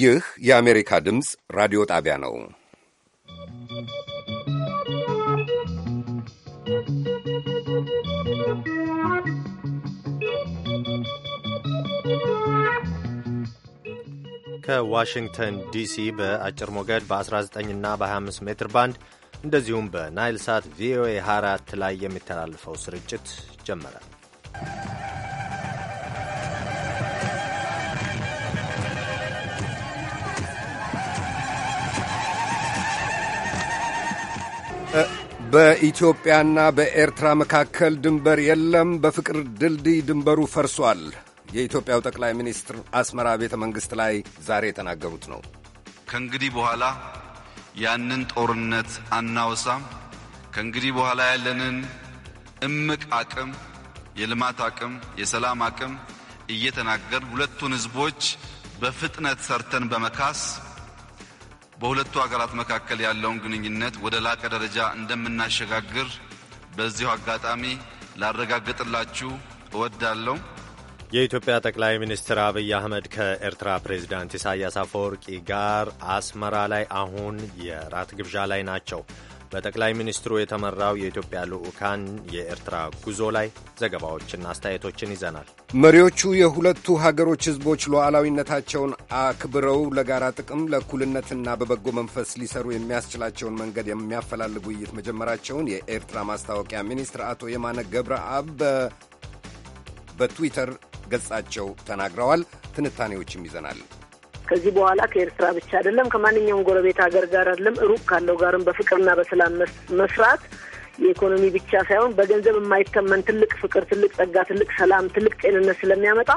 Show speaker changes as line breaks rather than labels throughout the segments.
ይህ የአሜሪካ ድምፅ ራዲዮ ጣቢያ ነው።
ከዋሽንግተን ዲሲ በአጭር ሞገድ በ19 እና በ25 ሜትር ባንድ እንደዚሁም በናይል ሳት ቪኦኤ 24 ላይ የሚተላልፈው ስርጭት ጀመረ።
በኢትዮጵያና በኤርትራ መካከል ድንበር የለም። በፍቅር ድልድይ ድንበሩ ፈርሷል። የኢትዮጵያው ጠቅላይ ሚኒስትር አስመራ ቤተ መንግሥት ላይ ዛሬ የተናገሩት ነው።
ከእንግዲህ በኋላ ያንን ጦርነት አናወሳም። ከእንግዲህ በኋላ ያለንን እምቅ አቅም፣ የልማት አቅም፣ የሰላም አቅም እየተናገር ሁለቱን ህዝቦች በፍጥነት ሰርተን በመካስ በሁለቱ ሀገራት መካከል ያለውን ግንኙነት ወደ ላቀ ደረጃ እንደምናሸጋግር በዚሁ አጋጣሚ ላረጋግጥላችሁ እወዳለሁ።
የኢትዮጵያ ጠቅላይ ሚኒስትር አብይ አህመድ ከኤርትራ ፕሬዚዳንት ኢሳያስ አፈወርቂ ጋር አስመራ ላይ አሁን የራት ግብዣ ላይ ናቸው። በጠቅላይ ሚኒስትሩ የተመራው የኢትዮጵያ ልዑካን የኤርትራ ጉዞ ላይ ዘገባዎችና አስተያየቶችን ይዘናል።
መሪዎቹ የሁለቱ ሀገሮች ሕዝቦች ሉዓላዊነታቸውን አክብረው ለጋራ ጥቅም ለእኩልነትና በበጎ መንፈስ ሊሰሩ የሚያስችላቸውን መንገድ የሚያፈላልግ ውይይት መጀመራቸውን የኤርትራ ማስታወቂያ ሚኒስትር አቶ የማነ ገብረ አብ በትዊተር ገጻቸው ተናግረዋል። ትንታኔዎችም ይዘናል።
ከዚህ በኋላ ከኤርትራ ብቻ አይደለም ከማንኛውም ጎረቤት ሀገር ጋር አይደለም ሩቅ ካለው ጋርም በፍቅርና በሰላም መስራት የኢኮኖሚ ብቻ ሳይሆን በገንዘብ የማይተመን ትልቅ ፍቅር፣ ትልቅ ጸጋ፣ ትልቅ ሰላም፣ ትልቅ ጤንነት ስለሚያመጣ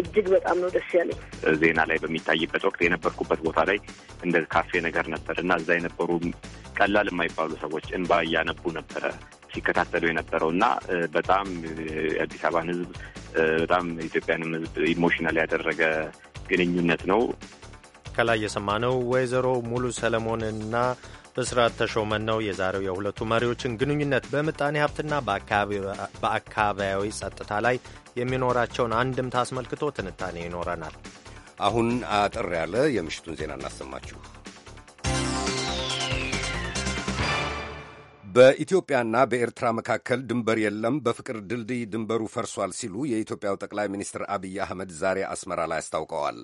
እጅግ በጣም ነው ደስ ያለኝ።
ዜና ላይ በሚታይበት ወቅት የነበርኩበት ቦታ ላይ እንደ ካፌ ነገር ነበር እና እዛ የነበሩ ቀላል የማይባሉ ሰዎች እንባ እያነቡ ነበረ ሲከታተሉ የነበረው እና በጣም የአዲስ አበባን ህዝብ በጣም ኢትዮጵያንም ህዝብ ኢሞሽናል ያደረገ ግንኙነት ነው።
ከላይ የሰማነው ወይዘሮ ሙሉ ሰለሞንና በስርዓት ተሾመን ነው። የዛሬው የሁለቱ መሪዎችን ግንኙነት በምጣኔ ሀብትና በአካባቢያዊ ጸጥታ ላይ የሚኖራቸውን አንድምታ አስመልክቶ ትንታኔ ይኖረናል። አሁን አጠር ያለ የምሽቱን ዜና እናሰማችሁ።
በኢትዮጵያና በኤርትራ መካከል ድንበር የለም፣ በፍቅር ድልድይ ድንበሩ ፈርሷል ሲሉ የኢትዮጵያው ጠቅላይ ሚኒስትር አብይ አህመድ ዛሬ አስመራ ላይ አስታውቀዋል።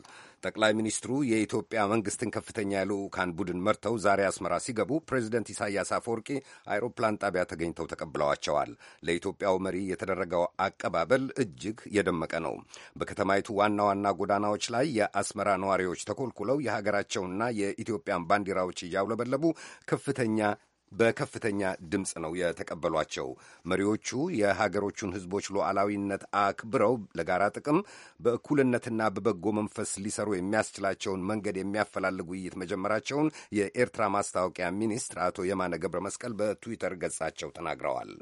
ጠቅላይ ሚኒስትሩ የኢትዮጵያ መንግስትን ከፍተኛ የልዑካን ቡድን መርተው ዛሬ አስመራ ሲገቡ ፕሬዚደንት ኢሳያስ አፈወርቂ አይሮፕላን ጣቢያ ተገኝተው ተቀብለዋቸዋል። ለኢትዮጵያው መሪ የተደረገው አቀባበል እጅግ የደመቀ ነው። በከተማይቱ ዋና ዋና ጎዳናዎች ላይ የአስመራ ነዋሪዎች ተኮልኩለው የሀገራቸውና የኢትዮጵያን ባንዲራዎች እያውለበለቡ ከፍተኛ በከፍተኛ ድምፅ ነው የተቀበሏቸው። መሪዎቹ የሀገሮቹን ህዝቦች ሉዓላዊነት አክብረው ለጋራ ጥቅም በእኩልነትና በበጎ መንፈስ ሊሰሩ የሚያስችላቸውን መንገድ የሚያፈላልግ ውይይት መጀመራቸውን የኤርትራ ማስታወቂያ ሚኒስትር አቶ የማነ ገብረ መስቀል በትዊተር ገጻቸው ተናግረዋል።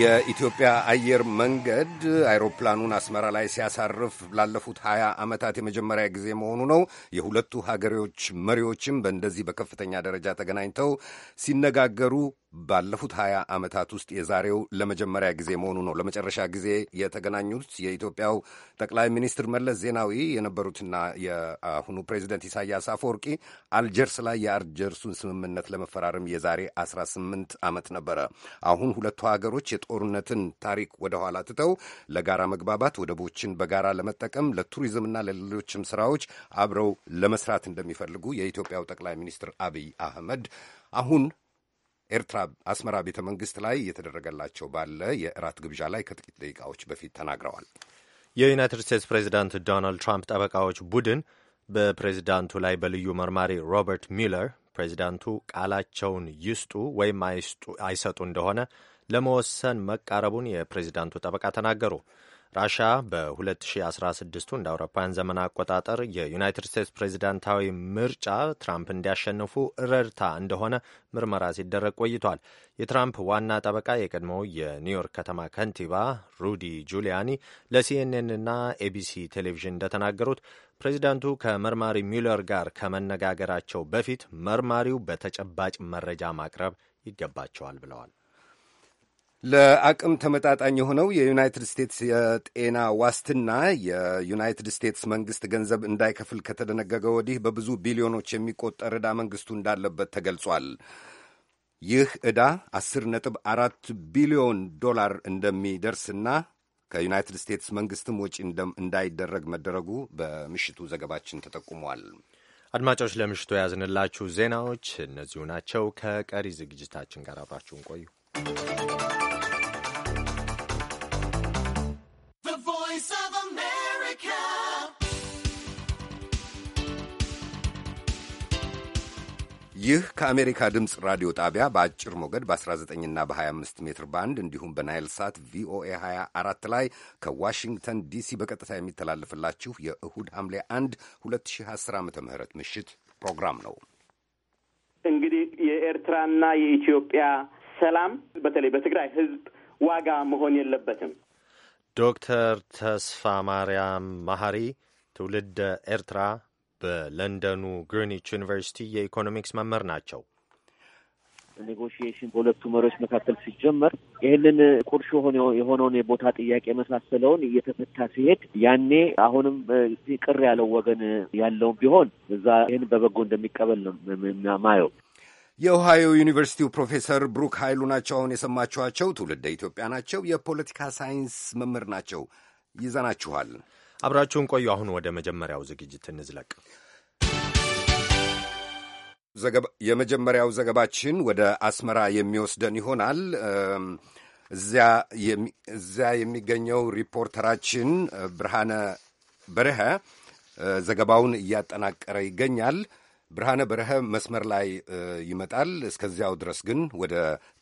የኢትዮጵያ አየር መንገድ አይሮፕላኑን አስመራ ላይ ሲያሳርፍ ላለፉት ሀያ ዓመታት የመጀመሪያ ጊዜ መሆኑ ነው። የሁለቱ ሀገሮች መሪዎችም በእንደዚህ በከፍተኛ ደረጃ ተገናኝተው ሲነጋገሩ ባለፉት ሀያ ዓመታት ውስጥ የዛሬው ለመጀመሪያ ጊዜ መሆኑ ነው። ለመጨረሻ ጊዜ የተገናኙት የኢትዮጵያው ጠቅላይ ሚኒስትር መለስ ዜናዊ የነበሩትና የአሁኑ ፕሬዚደንት ኢሳያስ አፈወርቂ አልጀርስ ላይ የአልጀርሱን ስምምነት ለመፈራረም የዛሬ 18 ዓመት ነበረ። አሁን ሁለቱ ሀገሮች ጦርነትን ታሪክ ወደ ኋላ ትተው ለጋራ መግባባት ወደቦችን በጋራ ለመጠቀም ለቱሪዝምና ለሌሎችም ስራዎች አብረው ለመስራት እንደሚፈልጉ የኢትዮጵያው ጠቅላይ ሚኒስትር አብይ አህመድ አሁን ኤርትራ አስመራ ቤተ መንግስት ላይ እየተደረገላቸው ባለ የእራት ግብዣ ላይ ከጥቂት ደቂቃዎች በፊት ተናግረዋል።
የዩናይትድ ስቴትስ ፕሬዚዳንት ዶናልድ ትራምፕ ጠበቃዎች ቡድን በፕሬዚዳንቱ ላይ በልዩ መርማሪ ሮበርት ሚለር ፕሬዚዳንቱ ቃላቸውን ይስጡ ወይም አይሰጡ እንደሆነ ለመወሰን መቃረቡን የፕሬዚዳንቱ ጠበቃ ተናገሩ። ራሻ በ2016 እንደ አውሮፓውያን ዘመን አቆጣጠር የዩናይትድ ስቴትስ ፕሬዚዳንታዊ ምርጫ ትራምፕ እንዲያሸንፉ ረድታ እንደሆነ ምርመራ ሲደረግ ቆይቷል። የትራምፕ ዋና ጠበቃ የቀድሞው የኒውዮርክ ከተማ ከንቲባ ሩዲ ጁሊያኒ ለሲኤንኤንና ኤቢሲ ቴሌቪዥን እንደተናገሩት ፕሬዚዳንቱ ከመርማሪ ሚለር ጋር ከመነጋገራቸው በፊት መርማሪው በተጨባጭ መረጃ ማቅረብ ይገባቸዋል ብለዋል።
ለአቅም ተመጣጣኝ የሆነው የዩናይትድ ስቴትስ የጤና ዋስትና የዩናይትድ ስቴትስ መንግስት ገንዘብ እንዳይከፍል ከተደነገገ ወዲህ በብዙ ቢሊዮኖች የሚቆጠር ዕዳ መንግስቱ እንዳለበት ተገልጿል። ይህ ዕዳ አስር ነጥብ አራት ቢሊዮን ዶላር እንደሚደርስና ከዩናይትድ ስቴትስ መንግስትም ወጪ እንዳይደረግ መደረጉ በምሽቱ ዘገባችን ተጠቁሟል።
አድማጮች ለምሽቱ የያዝንላችሁ ዜናዎች እነዚሁ ናቸው። ከቀሪ ዝግጅታችን ጋር አብራችሁን ቆዩ።
ይህ ከአሜሪካ ድምፅ ራዲዮ ጣቢያ በአጭር ሞገድ በ19ና በ25 ሜትር ባንድ እንዲሁም በናይል ሳት ቪኦኤ 24 ላይ ከዋሽንግተን ዲሲ በቀጥታ የሚተላለፍላችሁ የእሁድ ሐምሌ 1 2010 ዓ ም ምሽት ፕሮግራም ነው።
እንግዲህ የኤርትራና የኢትዮጵያ ሰላም በተለይ በትግራይ ህዝብ ዋጋ መሆን የለበትም።
ዶክተር ተስፋ ማርያም ማሀሪ ትውልድ ኤርትራ በለንደኑ ግሪኒች ዩኒቨርሲቲ የኢኮኖሚክስ መምህር ናቸው።
ኔጎሽዬሽን በሁለቱ መሪዎች መካከል ሲጀመር ይህንን ቁርሾ የሆነውን የቦታ ጥያቄ የመሳሰለውን እየተፈታ ሲሄድ ያኔ አሁንም ቅር ያለው ወገን ያለውን ቢሆን እዛ ይህን በበጎ እንደሚቀበል ነው ማየው።
የኦሃዮ ዩኒቨርሲቲው ፕሮፌሰር ብሩክ ኃይሉ ናቸው። አሁን የሰማችኋቸው ትውልደ ኢትዮጵያ ናቸው። የፖለቲካ ሳይንስ መምህር ናቸው። ይዘናችኋል። አብራችሁን ቆዩ። አሁን ወደ መጀመሪያው ዝግጅት እንዝለቅ። የመጀመሪያው ዘገባችን ወደ አስመራ የሚወስደን ይሆናል። እዚያ የሚገኘው ሪፖርተራችን ብርሃነ በርሀ ዘገባውን እያጠናቀረ ይገኛል። ብርሃነ በረሀ መስመር ላይ ይመጣል። እስከዚያው ድረስ ግን ወደ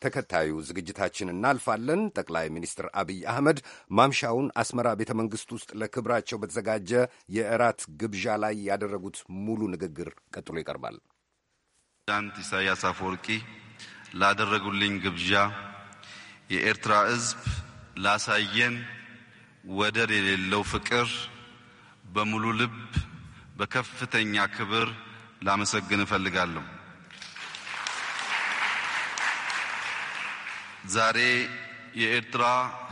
ተከታዩ ዝግጅታችን እናልፋለን። ጠቅላይ ሚኒስትር አብይ አህመድ ማምሻውን አስመራ ቤተ መንግሥት ውስጥ ለክብራቸው በተዘጋጀ የእራት ግብዣ ላይ ያደረጉት ሙሉ ንግግር ቀጥሎ ይቀርባል።
ዳንት ኢሳያስ አፈወርቂ ላደረጉልኝ ግብዣ የኤርትራ ሕዝብ ላሳየን ወደር የሌለው ፍቅር በሙሉ ልብ በከፍተኛ ክብር ላመሰግን እፈልጋለሁ። ዛሬ የኤርትራ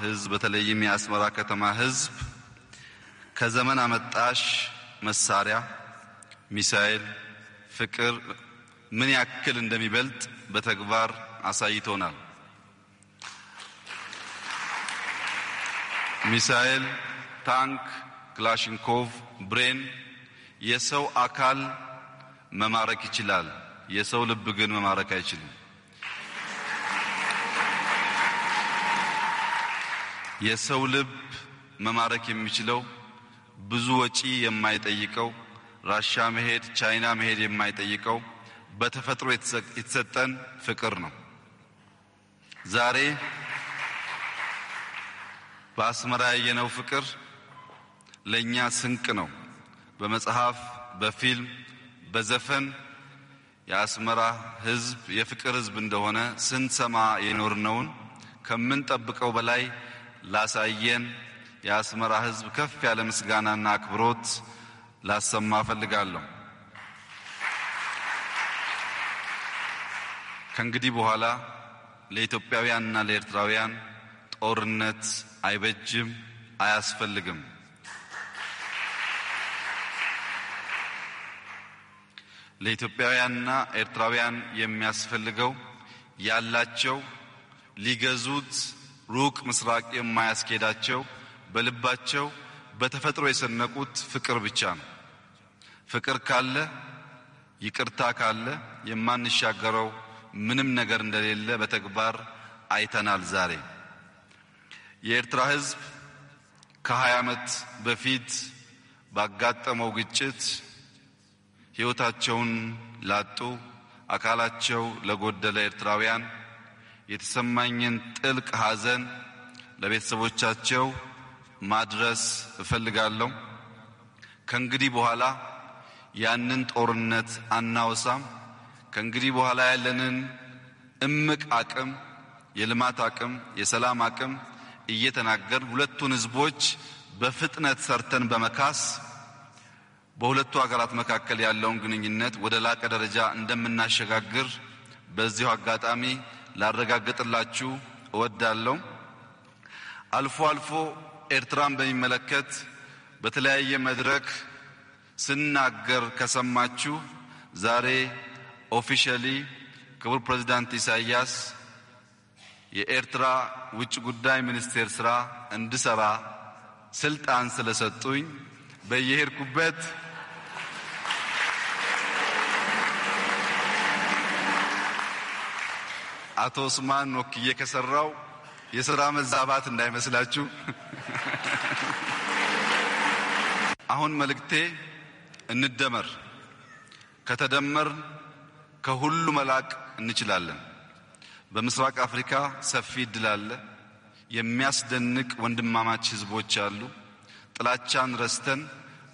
ሕዝብ በተለይም የአስመራ ከተማ ሕዝብ ከዘመን አመጣሽ መሳሪያ ሚሳኤል፣ ፍቅር ምን ያክል እንደሚበልጥ በተግባር አሳይቶናል። ሚሳኤል፣ ታንክ፣ ክላሽንኮቭ፣ ብሬን የሰው አካል መማረክ ይችላል። የሰው ልብ ግን መማረክ አይችልም። የሰው ልብ መማረክ የሚችለው ብዙ ወጪ የማይጠይቀው ራሻ መሄድ ቻይና መሄድ የማይጠይቀው በተፈጥሮ የተሰጠን ፍቅር ነው። ዛሬ በአስመራ ያየነው ፍቅር ለእኛ ስንቅ ነው። በመጽሐፍ በፊልም በዘፈን የአስመራ ህዝብ የፍቅር ህዝብ እንደሆነ ስንሰማ የኖርነውን ከምንጠብቀው በላይ ላሳየን የአስመራ ህዝብ ከፍ ያለ ምስጋናና አክብሮት ላሰማ ፈልጋለሁ። ከእንግዲህ በኋላ ለኢትዮጵያውያንና ለኤርትራውያን ጦርነት አይበጅም፣ አያስፈልግም። ለኢትዮጵያውያንና ኤርትራውያን የሚያስፈልገው ያላቸው ሊገዙት ሩቅ ምስራቅ የማያስኬዳቸው በልባቸው በተፈጥሮ የሰነቁት ፍቅር ብቻ ነው። ፍቅር ካለ ይቅርታ ካለ የማንሻገረው ምንም ነገር እንደሌለ በተግባር አይተናል። ዛሬ የኤርትራ ሕዝብ ከ20 ዓመት በፊት ባጋጠመው ግጭት ሕይወታቸውን ላጡ፣ አካላቸው ለጎደለ ኤርትራውያን የተሰማኝን ጥልቅ ሐዘን ለቤተሰቦቻቸው ማድረስ እፈልጋለሁ። ከእንግዲህ በኋላ ያንን ጦርነት አናወሳም። ከእንግዲህ በኋላ ያለንን እምቅ አቅም፣ የልማት አቅም፣ የሰላም አቅም እየተናገር ሁለቱን ህዝቦች በፍጥነት ሰርተን በመካስ በሁለቱ ሀገራት መካከል ያለውን ግንኙነት ወደ ላቀ ደረጃ እንደምናሸጋግር በዚሁ አጋጣሚ ላረጋግጥላችሁ እወዳለሁ። አልፎ አልፎ ኤርትራን በሚመለከት በተለያየ መድረክ ስናገር ከሰማችሁ ዛሬ ኦፊሻሊ ክቡር ፕሬዚዳንት ኢሳያስ የኤርትራ ውጭ ጉዳይ ሚኒስቴር ስራ እንድሰራ ስልጣን ስለሰጡኝ በየሄድኩበት አቶ ኡስማን ወክዬ ከሰራው የስራ መዛባት እንዳይመስላችሁ። አሁን መልእክቴ እንደመር፣ ከተደመር ከሁሉ መላቅ እንችላለን። በምስራቅ አፍሪካ ሰፊ እድል አለ። የሚያስደንቅ ወንድማማች ህዝቦች አሉ። ጥላቻን ረስተን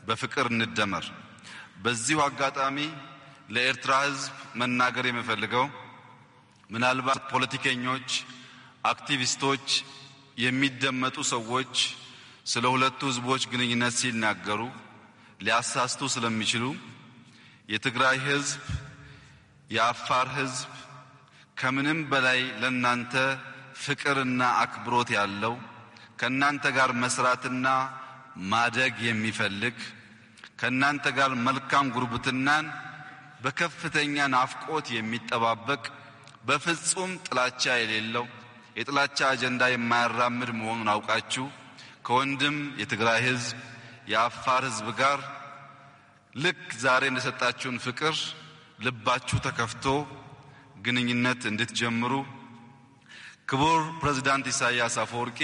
በፍቅር እንደመር። በዚሁ አጋጣሚ ለኤርትራ ሕዝብ መናገር የምፈልገው ምናልባት ፖለቲከኞች፣ አክቲቪስቶች፣ የሚደመጡ ሰዎች ስለ ሁለቱ ሕዝቦች ግንኙነት ሲናገሩ ሊያሳስቱ ስለሚችሉ የትግራይ ሕዝብ፣ የአፋር ሕዝብ ከምንም በላይ ለእናንተ ፍቅርና አክብሮት ያለው ከእናንተ ጋር መስራትና ማደግ የሚፈልግ ከእናንተ ጋር መልካም ጉርብትናን በከፍተኛ ናፍቆት የሚጠባበቅ በፍጹም ጥላቻ የሌለው የጥላቻ አጀንዳ የማያራምድ መሆኑን አውቃችሁ ከወንድም የትግራይ ህዝብ የአፋር ህዝብ ጋር ልክ ዛሬ እንደሰጣችሁን ፍቅር ልባችሁ ተከፍቶ ግንኙነት እንድትጀምሩ ክቡር ፕሬዚዳንት ኢሳያስ አፈወርቂ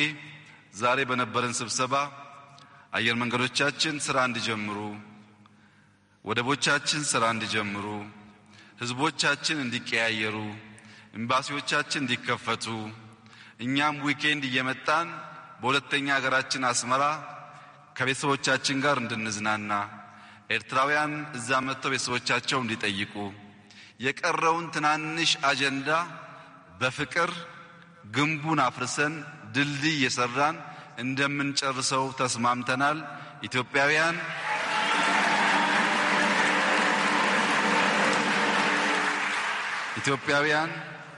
ዛሬ በነበረን ስብሰባ አየር መንገዶቻችን ስራ እንዲጀምሩ፣ ወደቦቻችን ስራ እንዲጀምሩ፣ ህዝቦቻችን እንዲቀያየሩ፣ ኤምባሲዎቻችን እንዲከፈቱ፣ እኛም ዊኬንድ እየመጣን በሁለተኛ ሀገራችን አስመራ ከቤተሰቦቻችን ጋር እንድንዝናና፣ ኤርትራውያን እዛ መጥተው ቤተሰቦቻቸው እንዲጠይቁ፣ የቀረውን ትናንሽ አጀንዳ በፍቅር ግንቡን አፍርሰን ድልድይ የሰራን እንደምንጨርሰው ተስማምተናል። ኢትዮጵያውያን ኢትዮጵያውያን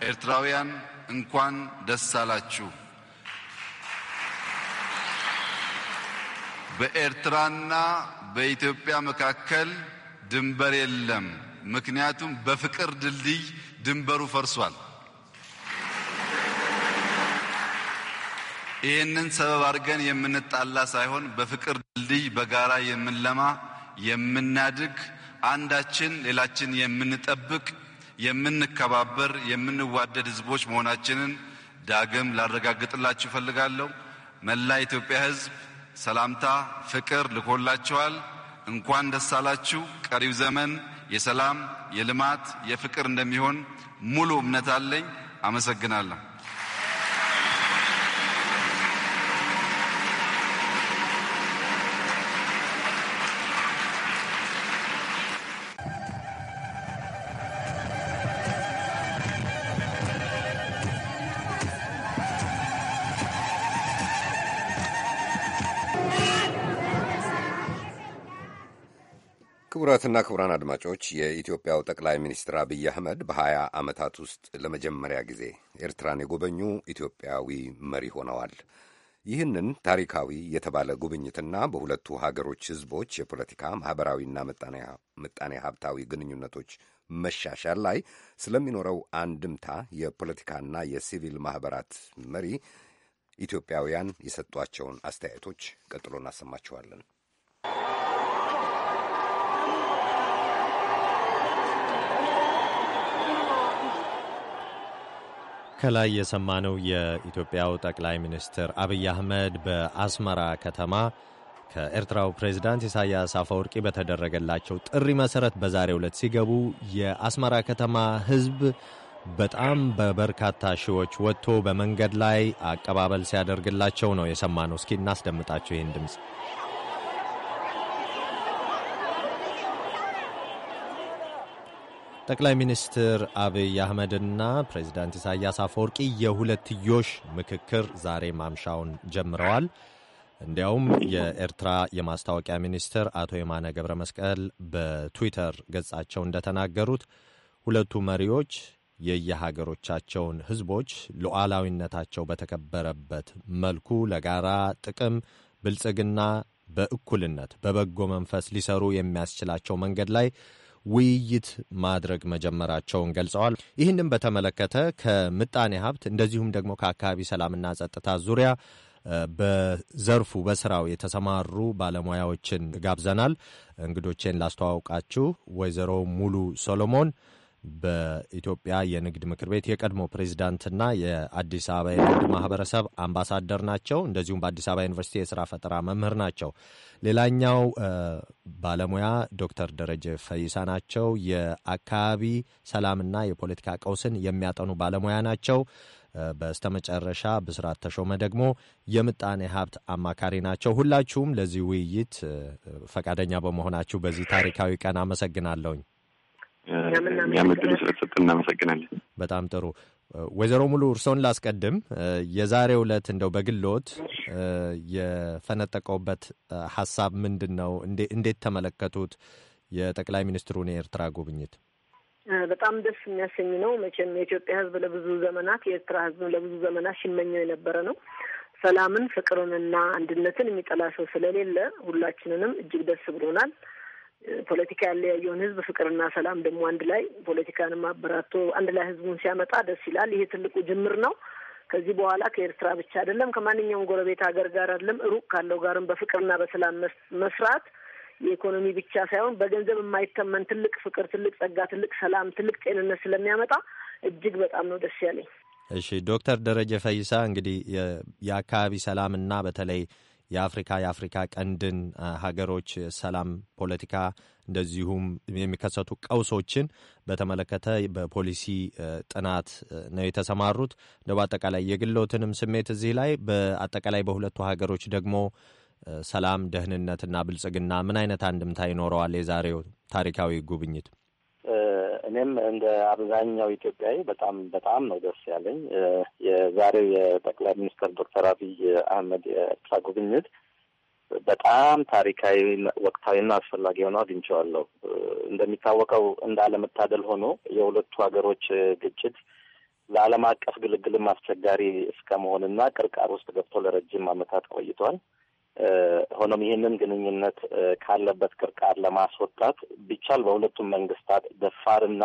ኤርትራውያን እንኳን ደስ አላችሁ። በኤርትራና በኢትዮጵያ መካከል ድንበር የለም። ምክንያቱም በፍቅር ድልድይ ድንበሩ ፈርሷል። ይህንን ሰበብ አድርገን የምንጣላ ሳይሆን በፍቅር ድልድይ በጋራ የምንለማ የምናድግ፣ አንዳችን ሌላችን የምንጠብቅ፣ የምንከባበር፣ የምንዋደድ ህዝቦች መሆናችንን ዳግም ላረጋግጥላችሁ እፈልጋለሁ። መላ ኢትዮጵያ ህዝብ ሰላምታ፣ ፍቅር ልኮላችኋል። እንኳን ደስ አላችሁ። ቀሪው ዘመን የሰላም፣ የልማት፣ የፍቅር እንደሚሆን ሙሉ እምነት አለኝ። አመሰግናለሁ።
ክቡራትና ክቡራን አድማጮች የኢትዮጵያው ጠቅላይ ሚኒስትር አብይ አህመድ በሀያ ዓመታት ውስጥ ለመጀመሪያ ጊዜ ኤርትራን የጎበኙ ኢትዮጵያዊ መሪ ሆነዋል። ይህንን ታሪካዊ የተባለ ጉብኝትና በሁለቱ ሀገሮች ሕዝቦች የፖለቲካ ማኅበራዊና ምጣኔ ሀብታዊ ግንኙነቶች መሻሻል ላይ ስለሚኖረው አንድምታ የፖለቲካና የሲቪል ማኅበራት መሪ ኢትዮጵያውያን የሰጧቸውን አስተያየቶች ቀጥሎ
እናሰማችኋለን። ከላይ የሰማነው የኢትዮጵያው ጠቅላይ ሚኒስትር አብይ አህመድ በአስመራ ከተማ ከኤርትራው ፕሬዚዳንት ኢሳያስ አፈወርቂ በተደረገላቸው ጥሪ መሰረት በዛሬው ዕለት ሲገቡ የአስመራ ከተማ ሕዝብ በጣም በበርካታ ሺዎች ወጥቶ በመንገድ ላይ አቀባበል ሲያደርግላቸው ነው የሰማነው። እስኪ እናስደምጣቸው ይህን ድምፅ። ጠቅላይ ሚኒስትር አብይ አህመድና ፕሬዚዳንት ኢሳያስ አፈወርቂ የሁለትዮሽ ምክክር ዛሬ ማምሻውን ጀምረዋል። እንዲያውም የኤርትራ የማስታወቂያ ሚኒስትር አቶ የማነ ገብረ መስቀል በትዊተር ገጻቸው እንደተናገሩት ሁለቱ መሪዎች የየሀገሮቻቸውን ሕዝቦች ሉዓላዊነታቸው በተከበረበት መልኩ ለጋራ ጥቅም ብልጽግና በእኩልነት በበጎ መንፈስ ሊሰሩ የሚያስችላቸው መንገድ ላይ ውይይት ማድረግ መጀመራቸውን ገልጸዋል። ይህንም በተመለከተ ከምጣኔ ሀብት እንደዚሁም ደግሞ ከአካባቢ ሰላምና ጸጥታ ዙሪያ በዘርፉ በስራው የተሰማሩ ባለሙያዎችን ጋብዘናል። እንግዶቼን ላስተዋውቃችሁ። ወይዘሮ ሙሉ ሶሎሞን በኢትዮጵያ የንግድ ምክር ቤት የቀድሞ ፕሬዚዳንትና የአዲስ አበባ የንግድ ማህበረሰብ አምባሳደር ናቸው። እንደዚሁም በአዲስ አበባ ዩኒቨርሲቲ የስራ ፈጠራ መምህር ናቸው። ሌላኛው ባለሙያ ዶክተር ደረጀ ፈይሳ ናቸው። የአካባቢ ሰላምና የፖለቲካ ቀውስን የሚያጠኑ ባለሙያ ናቸው። በስተመጨረሻ ብስራት ተሾመ ደግሞ የምጣኔ ሀብት አማካሪ ናቸው። ሁላችሁም ለዚህ ውይይት ፈቃደኛ በመሆናችሁ በዚህ ታሪካዊ ቀን አመሰግናለሁኝ። የሚያመግሉ ስለተሰጥ እናመሰግናለን። በጣም ጥሩ። ወይዘሮ ሙሉ እርስዎን ላስቀድም። የዛሬው ዕለት እንደው በግሎት የፈነጠቀውበት ሀሳብ ምንድን ነው? እንዴት ተመለከቱት የጠቅላይ ሚኒስትሩን የኤርትራ ጉብኝት?
በጣም ደስ የሚያሰኝ ነው። መቼም የኢትዮጵያ ሕዝብ ለብዙ ዘመናት የኤርትራ ሕዝብ ለብዙ ዘመናት ሲመኘው የነበረ ነው። ሰላምን፣ ፍቅርንና አንድነትን የሚጠላ ሰው ስለሌለ ሁላችንንም እጅግ ደስ ብሎናል። ፖለቲካ ያለያየውን ህዝብ ፍቅርና ሰላም ደግሞ አንድ ላይ ፖለቲካንም አበራቶ አንድ ላይ ህዝቡን ሲያመጣ ደስ ይላል። ይሄ ትልቁ ጅምር ነው። ከዚህ በኋላ ከኤርትራ ብቻ አይደለም ከማንኛውም ጎረቤት ሀገር ጋር አይደለም ሩቅ ካለው ጋርም በፍቅርና በሰላም መስራት የኢኮኖሚ ብቻ ሳይሆን በገንዘብ የማይተመን ትልቅ ፍቅር፣ ትልቅ ጸጋ፣ ትልቅ ሰላም፣ ትልቅ ጤንነት ስለሚያመጣ እጅግ በጣም ነው ደስ ያለኝ።
እሺ ዶክተር ደረጀ ፈይሳ እንግዲህ የአካባቢ ሰላምና በተለይ የአፍሪካ የአፍሪካ ቀንድን ሀገሮች ሰላም፣ ፖለቲካ እንደዚሁም የሚከሰቱ ቀውሶችን በተመለከተ በፖሊሲ ጥናት ነው የተሰማሩት። እንደ በአጠቃላይ የግሎትንም ስሜት እዚህ ላይ በአጠቃላይ በሁለቱ ሀገሮች ደግሞ ሰላም፣ ደህንነትና ብልጽግና ምን አይነት አንድምታ ይኖረዋል የዛሬው ታሪካዊ ጉብኝት?
እኔም እንደ አብዛኛው ኢትዮጵያዊ በጣም በጣም ነው ደስ ያለኝ የዛሬው የጠቅላይ ሚኒስትር ዶክተር አብይ አህመድ የኤርትራ ጉብኝት በጣም ታሪካዊ ወቅታዊና አስፈላጊ ሆኖ አግኝቼዋለሁ። እንደሚታወቀው እንዳለመታደል ሆኖ የሁለቱ ሀገሮች ግጭት ለዓለም አቀፍ ግልግልም አስቸጋሪ እስከ መሆንና ቅርቃር ውስጥ ገብቶ ለረጅም ዓመታት ቆይቷል። ሆኖም ይህንን ግንኙነት ካለበት ቅርቃር ለማስወጣት ቢቻል በሁለቱም መንግስታት ደፋርና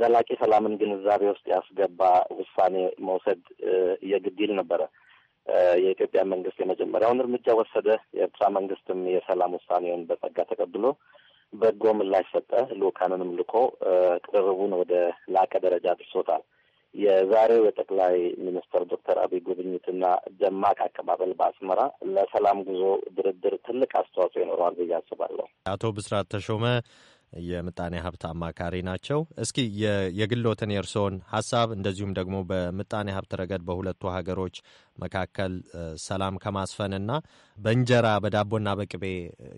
ዘላቂ ሰላምን ግንዛቤ ውስጥ ያስገባ ውሳኔ መውሰድ የግድ ይል ነበረ። የኢትዮጵያ መንግስት የመጀመሪያውን እርምጃ ወሰደ። የኤርትራ መንግስትም የሰላም ውሳኔውን በጸጋ ተቀብሎ በጎ ምላሽ ሰጠ። ልኡካንንም ልኮ ቅርርቡን ወደ ላቀ ደረጃ አድርሶታል። የዛሬው የጠቅላይ ሚኒስትር ዶክተር አብይ ጉብኝትና ደማቅ አቀባበል በአስመራ ለሰላም ጉዞ ድርድር ትልቅ አስተዋጽኦ ይኖረዋል
ብዬ አስባለሁ። አቶ ብስራት ተሾመ የምጣኔ ሀብት አማካሪ ናቸው። እስኪ የግሎትን የእርስዎን ሀሳብ እንደዚሁም ደግሞ በምጣኔ ሀብት ረገድ በሁለቱ ሀገሮች መካከል ሰላም ከማስፈንና በእንጀራ በዳቦና በቅቤ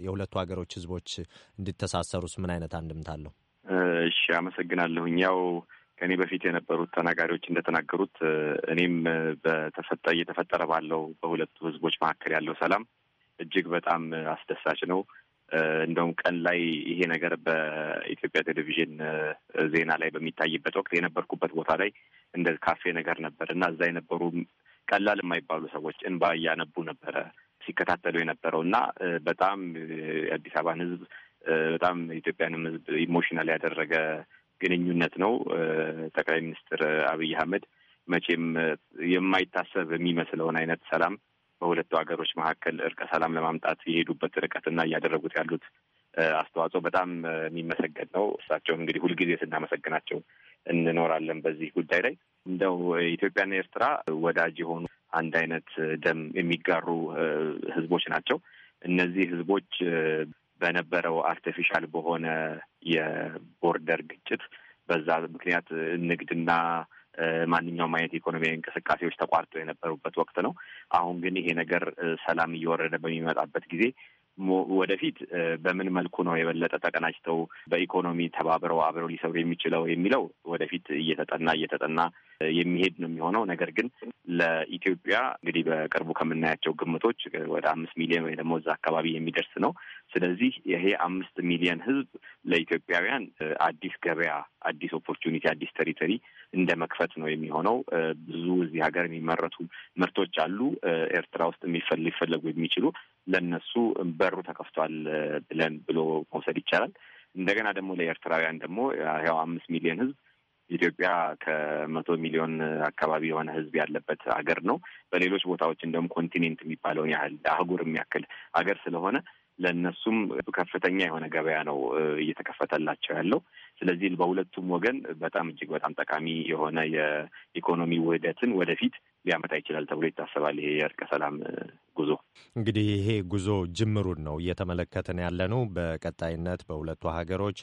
የሁለቱ ሀገሮች ህዝቦች እንዲተሳሰሩስ ምን አይነት አንድምታለሁ?
እሺ አመሰግናለሁኝ። ያው ከእኔ በፊት የነበሩት ተናጋሪዎች እንደተናገሩት እኔም በተፈጠ እየተፈጠረ ባለው በሁለቱ ህዝቦች መካከል ያለው ሰላም እጅግ በጣም አስደሳች ነው። እንደውም ቀን ላይ ይሄ ነገር በኢትዮጵያ ቴሌቪዥን ዜና ላይ በሚታይበት ወቅት የነበርኩበት ቦታ ላይ እንደ ካፌ ነገር ነበር እና እዛ የነበሩ ቀላል የማይባሉ ሰዎች እንባ እያነቡ ነበረ ሲከታተሉ የነበረው እና በጣም የአዲስ አበባን ህዝብ በጣም ኢትዮጵያንም ህዝብ ኢሞሽናል ያደረገ ግንኙነት ነው። ጠቅላይ ሚኒስትር አብይ አህመድ መቼም የማይታሰብ የሚመስለውን አይነት ሰላም በሁለቱ ሀገሮች መካከል እርቀ ሰላም ለማምጣት የሄዱበት ርቀትና እያደረጉት ያሉት አስተዋጽኦ በጣም የሚመሰገን ነው። እሳቸውን እንግዲህ ሁልጊዜ ስናመሰግናቸው እንኖራለን። በዚህ ጉዳይ ላይ እንደው ኢትዮጵያና ኤርትራ ወዳጅ የሆኑ አንድ አይነት ደም የሚጋሩ ህዝቦች ናቸው። እነዚህ ህዝቦች በነበረው አርቲፊሻል በሆነ የቦርደር ግጭት በዛ ምክንያት ንግድና ማንኛውም አይነት የኢኮኖሚያዊ እንቅስቃሴዎች ተቋርጦ የነበሩበት ወቅት ነው። አሁን ግን ይሄ ነገር ሰላም እየወረደ በሚመጣበት ጊዜ ወደፊት በምን መልኩ ነው የበለጠ ተቀናጅተው በኢኮኖሚ ተባብረው አብረው ሊሰሩ የሚችለው የሚለው ወደፊት እየተጠና እየተጠና የሚሄድ ነው የሚሆነው። ነገር ግን ለኢትዮጵያ እንግዲህ በቅርቡ ከምናያቸው ግምቶች ወደ አምስት ሚሊዮን ወይ ደግሞ እዛ አካባቢ የሚደርስ ነው። ስለዚህ ይሄ አምስት ሚሊዮን ህዝብ ለኢትዮጵያውያን አዲስ ገበያ፣ አዲስ ኦፖርቹኒቲ፣ አዲስ ቴሪቶሪ እንደ መክፈት ነው የሚሆነው። ብዙ እዚህ ሀገር የሚመረቱ ምርቶች አሉ ኤርትራ ውስጥ ሊፈለጉ የሚችሉ ለእነሱ በሩ ተከፍቷል ብለን ብሎ መውሰድ ይቻላል። እንደገና ደግሞ ለኤርትራውያን ደግሞ ያው አምስት ሚሊዮን ህዝብ ኢትዮጵያ ከመቶ ሚሊዮን አካባቢ የሆነ ህዝብ ያለበት አገር ነው። በሌሎች ቦታዎች እንደውም ኮንቲኔንት የሚባለውን ያህል አህጉር የሚያክል አገር ስለሆነ ለእነሱም ከፍተኛ የሆነ ገበያ ነው እየተከፈተላቸው ያለው። ስለዚህ በሁለቱም ወገን በጣም እጅግ በጣም ጠቃሚ የሆነ የኢኮኖሚ ውህደትን ወደፊት ሊያመጣ ይችላል ተብሎ ይታሰባል። ይሄ የእርቀ ሰላም ጉዞ
እንግዲህ ይሄ ጉዞ ጅምሩን ነው እየተመለከትን ያለ ነው። በቀጣይነት በሁለቱ ሀገሮች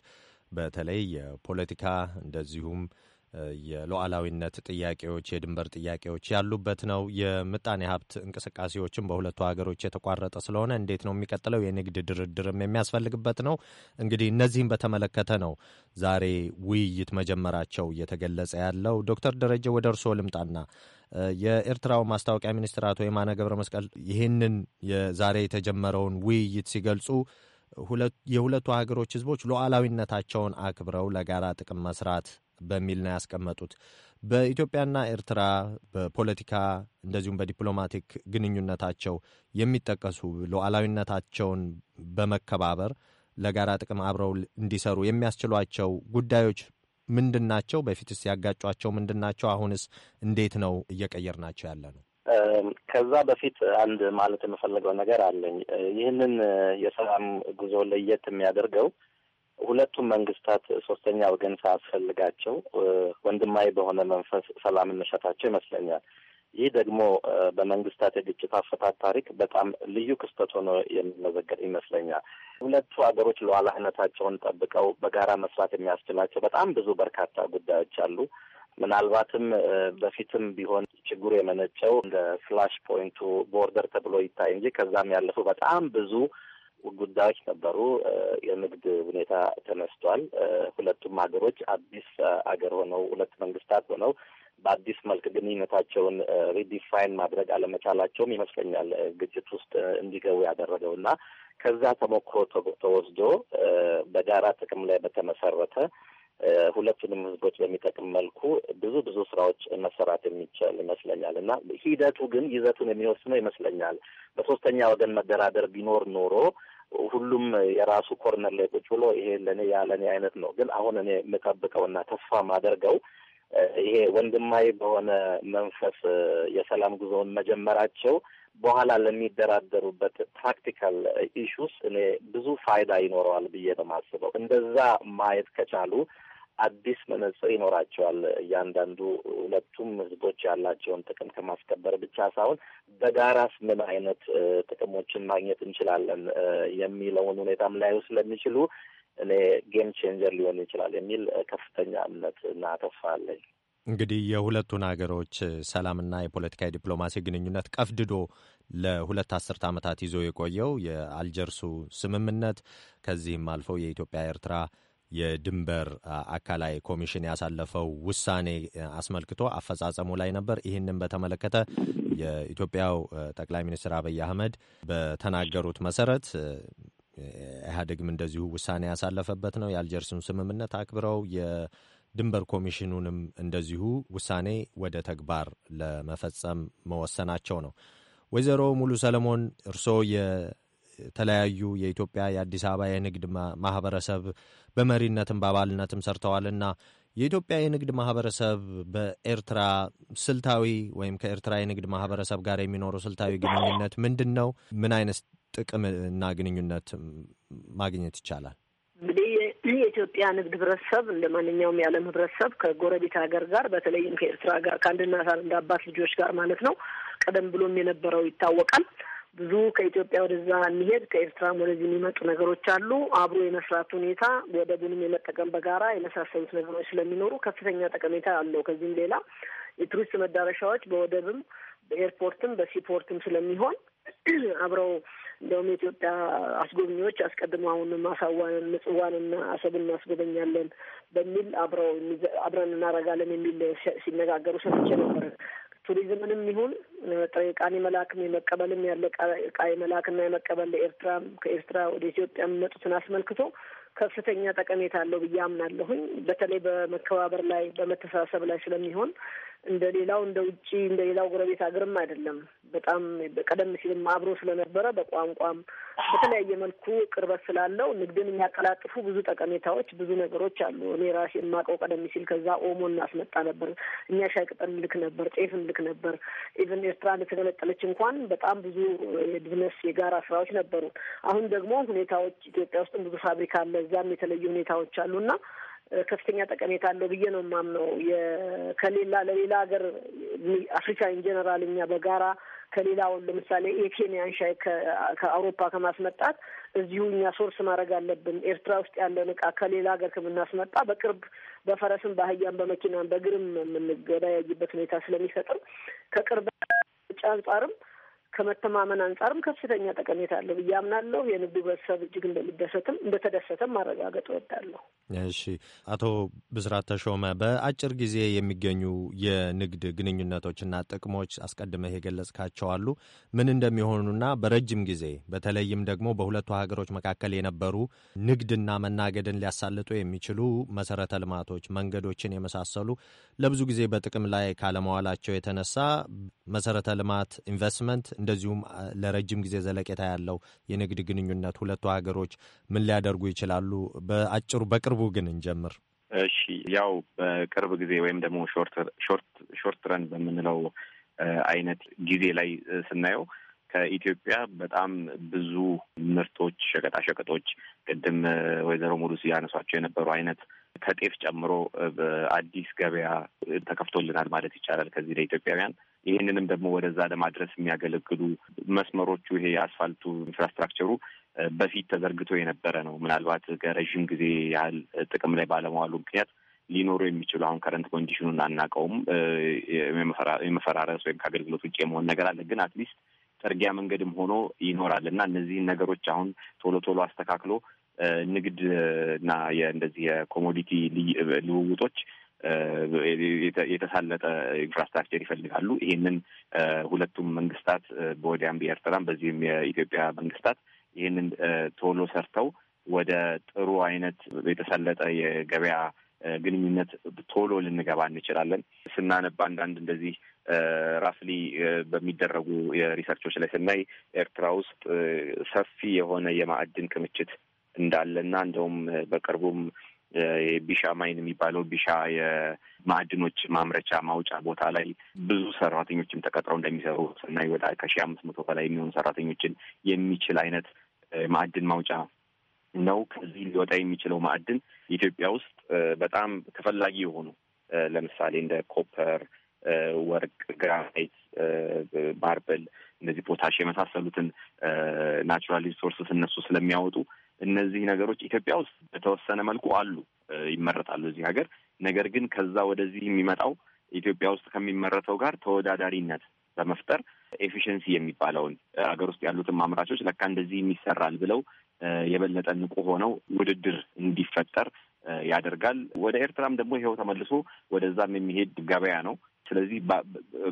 በተለይ የፖለቲካ እንደዚሁም የሉዓላዊነት ጥያቄዎች፣ የድንበር ጥያቄዎች ያሉበት ነው። የምጣኔ ሀብት እንቅስቃሴዎችም በሁለቱ ሀገሮች የተቋረጠ ስለሆነ እንዴት ነው የሚቀጥለው? የንግድ ድርድርም የሚያስፈልግበት ነው። እንግዲህ እነዚህም በተመለከተ ነው ዛሬ ውይይት መጀመራቸው እየተገለጸ ያለው። ዶክተር ደረጀ ወደ እርስዎ ልምጣና የኤርትራው ማስታወቂያ ሚኒስትር አቶ የማነ ገብረ መስቀል ይህንን ዛሬ የተጀመረውን ውይይት ሲገልጹ የሁለቱ ሀገሮች ህዝቦች ሉዓላዊነታቸውን አክብረው ለጋራ ጥቅም መስራት በሚል ነው ያስቀመጡት። በኢትዮጵያና ኤርትራ በፖለቲካ እንደዚሁም በዲፕሎማቲክ ግንኙነታቸው የሚጠቀሱ ሉዓላዊነታቸውን በመከባበር ለጋራ ጥቅም አብረው እንዲሰሩ የሚያስችሏቸው ጉዳዮች ምንድን ናቸው? በፊትስ ያጋጯቸው ምንድን ናቸው? አሁንስ እንዴት ነው እየቀየርናቸው ያለ
ነው? ከዛ በፊት አንድ ማለት የምፈልገው ነገር አለኝ። ይህንን የሰላም ጉዞ ለየት የሚያደርገው ሁለቱም መንግስታት ሶስተኛ ወገን ሳያስፈልጋቸው ወንድማዊ በሆነ መንፈስ ሰላም መሻታቸው ይመስለኛል። ይህ ደግሞ በመንግስታት የግጭት አፈታት ታሪክ በጣም ልዩ ክስተት ሆኖ የሚመዘገብ ይመስለኛል። ሁለቱ ሀገሮች ሉዓላዊነታቸውን ጠብቀው በጋራ መስራት የሚያስችላቸው በጣም ብዙ በርካታ ጉዳዮች አሉ። ምናልባትም በፊትም ቢሆን ችግሩ የመነጨው እንደ ፍላሽ ፖይንቱ ቦርደር ተብሎ ይታይ እንጂ ከዛም ያለፉ በጣም ብዙ ጉዳዮች ነበሩ። የንግድ ሁኔታ ተነስቷል። ሁለቱም ሀገሮች አዲስ አገር ሆነው ሁለት መንግስታት ሆነው በአዲስ መልክ ግንኙነታቸውን ሪዲፋይን ማድረግ አለመቻላቸውም ይመስለኛል ግጭት ውስጥ እንዲገቡ ያደረገው እና ከዛ ተሞክሮ ተወስዶ በጋራ ጥቅም ላይ በተመሰረተ ሁለቱንም ህዝቦች በሚጠቅም መልኩ ብዙ ብዙ ስራዎች መሰራት የሚቻል ይመስለኛል እና ሂደቱ ግን ይዘቱን የሚወስነው ይመስለኛል። በሶስተኛ ወገን መደራደር ቢኖር ኖሮ ሁሉም የራሱ ኮርነር ላይ ቁጭ ብሎ ይሄ ለእኔ ያለኔ አይነት ነው። ግን አሁን እኔ የምጠብቀውና ተስፋ ማደርገው ይሄ ወንድማዊ በሆነ መንፈስ የሰላም ጉዞውን መጀመራቸው በኋላ ለሚደራደሩበት ፕራክቲካል ኢሹስ እኔ ብዙ ፋይዳ ይኖረዋል ብዬ ነው የማስበው። እንደዛ ማየት ከቻሉ አዲስ መነጽር ይኖራቸዋል። እያንዳንዱ ሁለቱም ህዝቦች ያላቸውን ጥቅም ከማስከበር ብቻ ሳይሆን በጋራስ ምን አይነት ጥቅሞችን ማግኘት እንችላለን የሚለውን ሁኔታም ላዩ ስለሚችሉ እኔ ጌም ቼንጀር ሊሆን ይችላል የሚል ከፍተኛ እምነት እና ተስፋ አለኝ።
እንግዲህ የሁለቱን ሀገሮች ሰላምና የፖለቲካ ዲፕሎማሲ ግንኙነት ቀፍድዶ ለሁለት አስርት ዓመታት ይዞ የቆየው የአልጀርሱ ስምምነት ከዚህም አልፈው የኢትዮጵያ ኤርትራ የድንበር አካላይ ኮሚሽን ያሳለፈው ውሳኔ አስመልክቶ አፈጻጸሙ ላይ ነበር። ይህንን በተመለከተ የኢትዮጵያው ጠቅላይ ሚኒስትር አብይ አህመድ በተናገሩት መሰረት ኢህአዴግም እንደዚሁ ውሳኔ ያሳለፈበት ነው። የአልጀርስን ስምምነት አክብረው የድንበር ኮሚሽኑንም እንደዚሁ ውሳኔ ወደ ተግባር ለመፈጸም መወሰናቸው ነው። ወይዘሮ ሙሉ ሰለሞን እርስዎ የተለያዩ የኢትዮጵያ የአዲስ አበባ የንግድ ማህበረሰብ በመሪነትም በአባልነትም ሰርተዋልና የኢትዮጵያ የንግድ ማህበረሰብ በኤርትራ ስልታዊ ወይም ከኤርትራ የንግድ ማህበረሰብ ጋር የሚኖረው ስልታዊ ግንኙነት ምንድን ነው? ምን አይነት ጥቅም እና ግንኙነት ማግኘት ይቻላል?
እንግዲህ የኢትዮጵያ ንግድ ህብረተሰብ እንደ ማንኛውም የዓለም ህብረተሰብ ከጎረቤት ሀገር ጋር በተለይም ከኤርትራ ጋር ከአንድ እናት አንድ አባት ልጆች ጋር ማለት ነው ቀደም ብሎም የነበረው ይታወቃል። ብዙ ከኢትዮጵያ ወደዛ የሚሄድ ከኤርትራም ወደዚህ የሚመጡ ነገሮች አሉ። አብሮ የመስራት ሁኔታ ወደቡንም የመጠቀም በጋራ የመሳሰሉት ነገሮች ስለሚኖሩ ከፍተኛ ጠቀሜታ አለው። ከዚህም ሌላ የቱሪስት መዳረሻዎች በወደብም በኤርፖርትም በሲፖርትም ስለሚሆን አብረው እንደውም የኢትዮጵያ አስጎብኚዎች አስቀድሞ አሁን ማሳዋንን፣ ምጽዋንና አሰብን እናስጎበኛለን በሚል አብረው አብረን እናረጋለን የሚል ሲነጋገሩ ሰምቼ ነበር። ቱሪዝምንም ይሁን ጥሬ ዕቃን የመላክም የመቀበልም ያለ ዕቃ የመላክና የመቀበል ለኤርትራ ከኤርትራ ወደ ኢትዮጵያ የሚመጡትን አስመልክቶ ከፍተኛ ጠቀሜታ አለው ብዬ አምናለሁኝ። በተለይ በመከባበር ላይ በመተሳሰብ ላይ ስለሚሆን እንደ ሌላው እንደ ውጭ እንደ ሌላው ጎረቤት ሀገርም አይደለም። በጣም ቀደም ሲልም አብሮ ስለነበረ በቋንቋም በተለያየ መልኩ ቅርበት ስላለው ንግድን የሚያቀላጥፉ ብዙ ጠቀሜታዎች፣ ብዙ ነገሮች አሉ። እኔ ራሴ የማውቀው ቀደም ሲል ከዛ ኦሞ እናስመጣ ነበር። እኛ ሻይ ቅጠል እንልክ ነበር፣ ጤፍ እንልክ ነበር። ኢቨን ኤርትራ እንደተገለጠለች እንኳን በጣም ብዙ የድብነስ የጋራ ስራዎች ነበሩ። አሁን ደግሞ ሁኔታዎች ኢትዮጵያ ውስጥም ብዙ ፋብሪካ አለ፣ እዛም የተለዩ ሁኔታዎች አሉና ከፍተኛ ጠቀሜታ አለው ብዬ ነው የማምነው። ከሌላ ለሌላ ሀገር አፍሪካ ኢንጀነራል እኛ በጋራ ከሌላውን ለምሳሌ የኬንያን ሻይ ከአውሮፓ ከማስመጣት እዚሁ እኛ ሶርስ ማድረግ አለብን። ኤርትራ ውስጥ ያለን እቃ ከሌላ ሀገር ከምናስመጣ በቅርብ በፈረስም በአህያም በመኪናም በእግርም የምንገበያይበት ሁኔታ ስለሚፈጥር ከቅርብ ጫንጻርም ከመተማመን አንጻርም ከፍተኛ ጠቀሜታ አለው ብዬ አምናለሁ። የንግዱ ህብረተሰብ እጅግ እንደሚደሰትም እንደተደሰተም ማረጋገጥ እወዳለሁ።
እሺ፣ አቶ ብስራት ተሾመ በአጭር ጊዜ የሚገኙ የንግድ ግንኙነቶችና ጥቅሞች አስቀድመህ የገለጽካቸው አሉ። ምን እንደሚሆኑና በረጅም ጊዜ በተለይም ደግሞ በሁለቱ ሀገሮች መካከል የነበሩ ንግድና መናገድን ሊያሳልጡ የሚችሉ መሰረተ ልማቶች መንገዶችን የመሳሰሉ ለብዙ ጊዜ በጥቅም ላይ ካለመዋላቸው የተነሳ መሰረተ ልማት ኢንቨስትመንት እንደዚሁም ለረጅም ጊዜ ዘለቄታ ያለው የንግድ ግንኙነት ሁለቱ ሀገሮች ምን ሊያደርጉ ይችላሉ? በአጭሩ በቅርቡ ግን እንጀምር። እሺ፣
ያው በቅርብ ጊዜ ወይም ደግሞ ሾርት ረን በምንለው አይነት ጊዜ ላይ ስናየው ከኢትዮጵያ በጣም ብዙ ምርቶች፣ ሸቀጣሸቀጦች ቅድም ወይዘሮ ሙሉ ሲያነሷቸው የነበሩ አይነት ከጤፍ ጨምሮ በአዲስ ገበያ ተከፍቶልናል ማለት ይቻላል። ከዚህ ለኢትዮጵያውያን ይህንንም ደግሞ ወደዛ ለማድረስ የሚያገለግሉ መስመሮቹ ይሄ የአስፋልቱ ኢንፍራስትራክቸሩ በፊት ተዘርግቶ የነበረ ነው። ምናልባት ከረዥም ጊዜ ያህል ጥቅም ላይ ባለመዋሉ ምክንያት ሊኖሩ የሚችሉ አሁን ከረንት ኮንዲሽኑን አናውቀውም። የመፈራረስ ወይም ከአገልግሎት ውጭ የመሆን ነገር አለ። ግን አትሊስት ጠርጊያ መንገድም ሆኖ ይኖራል እና እነዚህን ነገሮች አሁን ቶሎ ቶሎ አስተካክሎ ንግድ እና እንደዚህ የኮሞዲቲ ልውውጦች የተሳለጠ ኢንፍራስትራክቸር ይፈልጋሉ። ይህንን ሁለቱም መንግስታት በወዲያም የኤርትራም በዚህም የኢትዮጵያ መንግስታት ይህንን ቶሎ ሰርተው ወደ ጥሩ አይነት የተሳለጠ የገበያ ግንኙነት ቶሎ ልንገባ እንችላለን። ስናነብ አንዳንድ እንደዚህ ራፍሊ በሚደረጉ የሪሰርቾች ላይ ስናይ ኤርትራ ውስጥ ሰፊ የሆነ የማዕድን ክምችት እንዳለና እንደውም በቅርቡም ቢሻ ማይን የሚባለው ቢሻ የማዕድኖች ማምረቻ ማውጫ ቦታ ላይ ብዙ ሰራተኞችም ተቀጥረው እንደሚሰሩ እና ወደ ከሺ አምስት መቶ በላይ የሚሆኑ ሰራተኞችን የሚችል አይነት ማዕድን ማውጫ ነው። ከዚህ ሊወጣ የሚችለው ማዕድን ኢትዮጵያ ውስጥ በጣም ተፈላጊ የሆኑ ለምሳሌ እንደ ኮፐር፣ ወርቅ፣ ግራናይት፣ ማርበል እነዚህ ፖታሽ የመሳሰሉትን ናቹራል ሪሶርስስ እነሱ ስለሚያወጡ እነዚህ ነገሮች ኢትዮጵያ ውስጥ በተወሰነ መልኩ አሉ፣ ይመረታሉ እዚህ ሀገር። ነገር ግን ከዛ ወደዚህ የሚመጣው ኢትዮጵያ ውስጥ ከሚመረተው ጋር ተወዳዳሪነት በመፍጠር ኤፊሽንሲ የሚባለውን ሀገር ውስጥ ያሉትን አምራቾች ለካ እንደዚህ የሚሰራል ብለው የበለጠ ንቁ ሆነው ውድድር እንዲፈጠር ያደርጋል። ወደ ኤርትራም ደግሞ ይኸው ተመልሶ ወደዛም የሚሄድ ገበያ ነው። ስለዚህ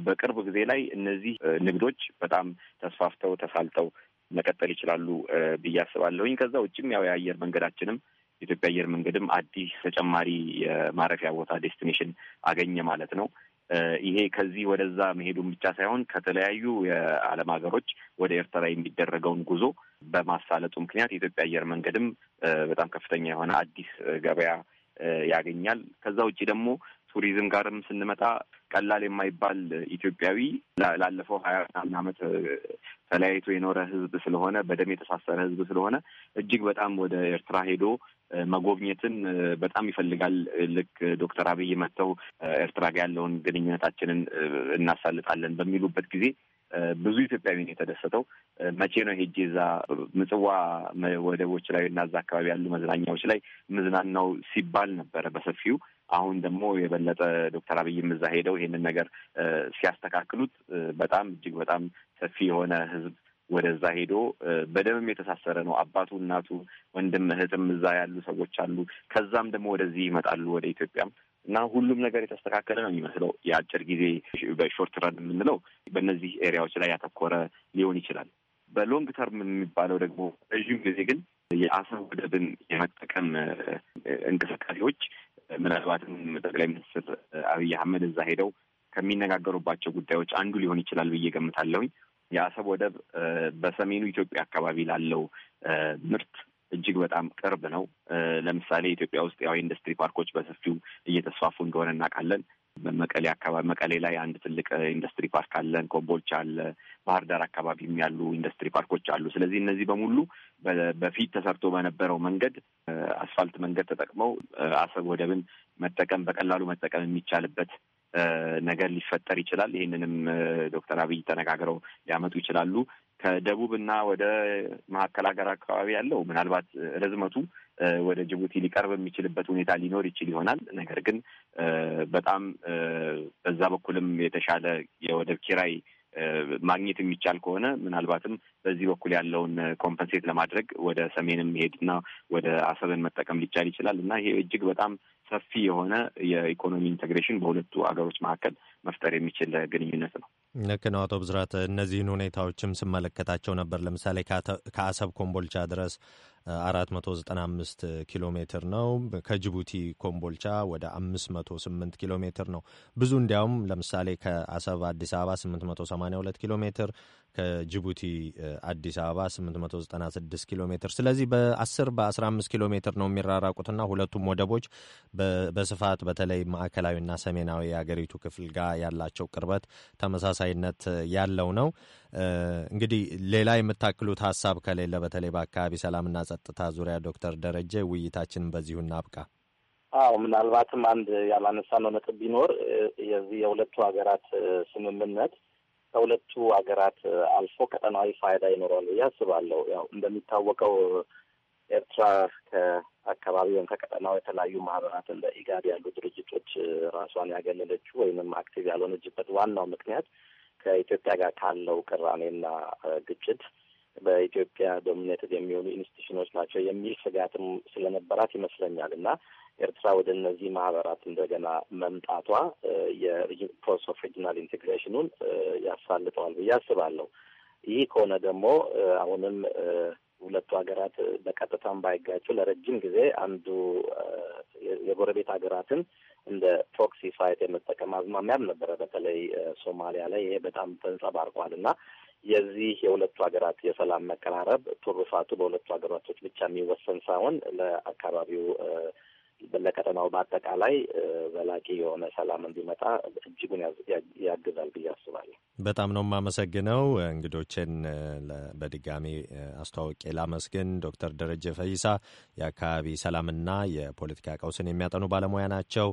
በቅርብ ጊዜ ላይ እነዚህ ንግዶች በጣም ተስፋፍተው ተሳልጠው መቀጠል ይችላሉ ብዬ አስባለሁኝ። ከዛ ውጭም ያው የአየር መንገዳችንም የኢትዮጵያ አየር መንገድም አዲስ ተጨማሪ የማረፊያ ቦታ ዴስቲኔሽን አገኘ ማለት ነው። ይሄ ከዚህ ወደዛ መሄዱን ብቻ ሳይሆን ከተለያዩ የዓለም ሀገሮች ወደ ኤርትራ የሚደረገውን ጉዞ በማሳለጡ ምክንያት የኢትዮጵያ አየር መንገድም በጣም ከፍተኛ የሆነ አዲስ ገበያ ያገኛል። ከዛ ውጭ ደግሞ ቱሪዝም ጋርም ስንመጣ ቀላል የማይባል ኢትዮጵያዊ ላለፈው ሀያ ምናምን ዓመት ተለያይቶ የኖረ ህዝብ ስለሆነ በደም የተሳሰረ ህዝብ ስለሆነ እጅግ በጣም ወደ ኤርትራ ሄዶ መጎብኘትን በጣም ይፈልጋል። ልክ ዶክተር አብይ መጥተው ኤርትራ ጋር ያለውን ግንኙነታችንን እናሳልጣለን በሚሉበት ጊዜ ብዙ ኢትዮጵያዊ ነው የተደሰተው። መቼ ነው ሄጄ እዛ ምጽዋ ወደቦች ላይ እና እዛ አካባቢ ያሉ መዝናኛዎች ላይ ምዝናናው ሲባል ነበረ በሰፊው አሁን ደግሞ የበለጠ ዶክተር አብይም እዛ ሄደው ይሄንን ነገር ሲያስተካክሉት በጣም እጅግ በጣም ሰፊ የሆነ ህዝብ ወደዛ ሄዶ በደምም የተሳሰረ ነው። አባቱ፣ እናቱ፣ ወንድም እህትም እዛ ያሉ ሰዎች አሉ። ከዛም ደግሞ ወደዚህ ይመጣሉ ወደ ኢትዮጵያም እና ሁሉም ነገር የተስተካከለ ነው የሚመስለው። የአጭር ጊዜ በሾርት ረን የምንለው በእነዚህ ኤሪያዎች ላይ ያተኮረ ሊሆን ይችላል። በሎንግ ተርም የሚባለው ደግሞ ረዥም ጊዜ ግን የአሰብ ወደብን የመጠቀም እንቅስቃሴዎች ምናልባትም ጠቅላይ ሚኒስትር አብይ አህመድ እዛ ሄደው ከሚነጋገሩባቸው ጉዳዮች አንዱ ሊሆን ይችላል ብዬ ገምታለሁኝ። የአሰብ ወደብ በሰሜኑ ኢትዮጵያ አካባቢ ላለው ምርት እጅግ በጣም ቅርብ ነው። ለምሳሌ ኢትዮጵያ ውስጥ ያው ኢንዱስትሪ ፓርኮች በሰፊው እየተስፋፉ እንደሆነ እናውቃለን። መቀሌ አካባቢ መቀሌ ላይ አንድ ትልቅ uh, ኢንዱስትሪ ፓርክ አለን። ኮምቦልቻ አለ። ባህር ዳር አካባቢም ያሉ ኢንዱስትሪ ፓርኮች አሉ። ስለዚህ እነዚህ በሙሉ በፊት ተሰርቶ በነበረው መንገድ uh, አስፋልት መንገድ ተጠቅመው uh, አሰብ ወደብን መጠቀም በቀላሉ መጠቀም የሚቻልበት ነገር ሊፈጠር ይችላል። ይህንንም ዶክተር አብይ ተነጋግረው ሊያመጡ ይችላሉ። ከደቡብ ና ወደ መካከል ሀገር አካባቢ ያለው ምናልባት ርዝመቱ ወደ ጅቡቲ ሊቀርብ የሚችልበት ሁኔታ ሊኖር ይችል ይሆናል። ነገር ግን በጣም በዛ በኩልም የተሻለ የወደብ ኪራይ ማግኘት የሚቻል ከሆነ ምናልባትም በዚህ በኩል ያለውን ኮምፐንሴት ለማድረግ ወደ ሰሜንም መሄድና ወደ አሰብን መጠቀም ሊቻል ይችላል እና ይሄ እጅግ በጣም ሰፊ የሆነ የኢኮኖሚ ኢንቴግሬሽን በሁለቱ አገሮች መካከል መፍጠር የሚችል ግንኙነት ነው።
ልክ ነው አቶ ብዝራት። እነዚህን ሁኔታዎችም ስመለከታቸው ነበር። ለምሳሌ ከአሰብ ኮምቦልቻ ድረስ 495 ኪሎ ሜትር ነው። ከጅቡቲ ኮምቦልቻ ወደ 508 ኪሎ ሜትር ነው። ብዙ እንዲያውም ለምሳሌ ከአሰብ አዲስ አበባ 882 ኪሎ ሜትር ከጅቡቲ አዲስ አበባ 896 ኪሎ ሜትር። ስለዚህ በ10 በ15 ኪሎ ሜትር ነው የሚራራቁትና ሁለቱም ወደቦች በስፋት በተለይ ማዕከላዊና ሰሜናዊ የአገሪቱ ክፍል ጋር ያላቸው ቅርበት ተመሳሳይነት ያለው ነው። እንግዲህ ሌላ የምታክሉት ሀሳብ ከሌለ በተለይ በአካባቢ ሰላምና ጸጥታ ዙሪያ ዶክተር ደረጀ ውይይታችንን በዚሁ እናብቃ።
አዎ ምናልባትም አንድ ያላነሳነው ነጥብ ቢኖር የዚህ የሁለቱ ሀገራት ስምምነት ከሁለቱ ሀገራት አልፎ ቀጠናዊ ፋይዳ ይኖረዋል ብዬ አስባለሁ። ያው እንደሚታወቀው ኤርትራ ከአካባቢ ወይም ከቀጠናው የተለያዩ ማህበራት እንደ ኢጋድ ያሉ ድርጅቶች ራሷን ያገለለችው ወይም አክቲቭ ያልሆነችበት ዋናው ምክንያት ከኢትዮጵያ ጋር ካለው ቅራኔና ግጭት በኢትዮጵያ ዶሚኔትድ የሚሆኑ ኢንስቲቱሽኖች ናቸው የሚል ስጋትም ስለነበራት ይመስለኛል እና ኤርትራ ወደ እነዚህ ማህበራት እንደገና መምጣቷ የፕሮስ ኦፍ ሪጅናል ኢንቴግሬሽኑን ያሳልጠዋል ብዬ አስባለሁ። ይህ ከሆነ ደግሞ አሁንም ሁለቱ ሀገራት በቀጥታም ባይጋጩ ለረጅም ጊዜ አንዱ የጎረቤት ሀገራትን እንደ ፕሮክሲ ሳይት የመጠቀም አዝማሚያም ነበረ። በተለይ ሶማሊያ ላይ ይሄ በጣም ተንጸባርቋል እና የዚህ የሁለቱ ሀገራት የሰላም መቀራረብ ትሩፋቱ በሁለቱ ሀገራቶች ብቻ የሚወሰን ሳይሆን ለአካባቢው ለቀጠናው በአጠቃላይ ዘላቂ የሆነ ሰላም እንዲመጣ እጅጉን ያግዛል ብዬ አስባለሁ።
በጣም ነው የማመሰግነው። እንግዶችን በድጋሚ አስተዋውቄ ላመስግን። ዶክተር ደረጀ ፈይሳ የአካባቢ ሰላምና የፖለቲካ ቀውስን የሚያጠኑ ባለሙያ ናቸው።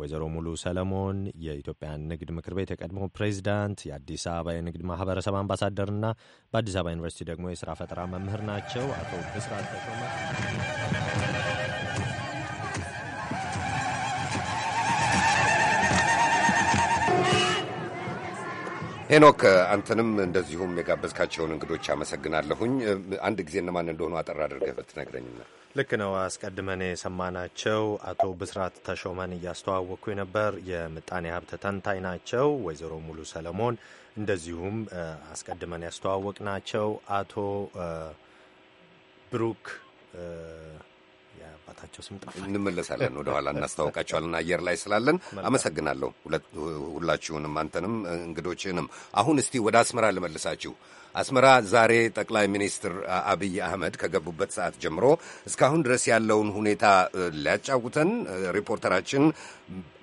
ወይዘሮ ሙሉ ሰለሞን የኢትዮጵያ ንግድ ምክር ቤት የቀድሞ ፕሬዚዳንት፣ የአዲስ አበባ የንግድ ማህበረሰብ አምባሳደርና በአዲስ አበባ ዩኒቨርሲቲ ደግሞ የስራ ፈጠራ መምህር ናቸው። አቶ ብስራት ተሾመ
ሄኖክ አንተንም እንደዚሁም የጋበዝካቸውን እንግዶች አመሰግናለሁኝ። አንድ ጊዜ እነማን እንደሆኑ አጠር
አድርገህ ብትነግረኝና። ልክ ነው። አስቀድመን የሰማናቸው አቶ ብስራት ተሾመን እያስተዋወቅኩ ነበር። የምጣኔ ሀብት ተንታኝ ናቸው። ወይዘሮ ሙሉ ሰለሞን እንደዚሁም አስቀድመን ያስተዋወቅ ናቸው አቶ ብሩክ የአባታቸው ስም ጠፋ። እንመለሳለን፣ ወደኋላ እናስታውቃቸዋለን።
አየር ላይ ስላለን አመሰግናለሁ ሁላችሁንም፣ አንተንም እንግዶችንም። አሁን እስቲ ወደ አስመራ ልመልሳችሁ። አስመራ ዛሬ ጠቅላይ ሚኒስትር አብይ አህመድ ከገቡበት ሰዓት ጀምሮ እስካሁን ድረስ ያለውን ሁኔታ ሊያጫውተን ሪፖርተራችን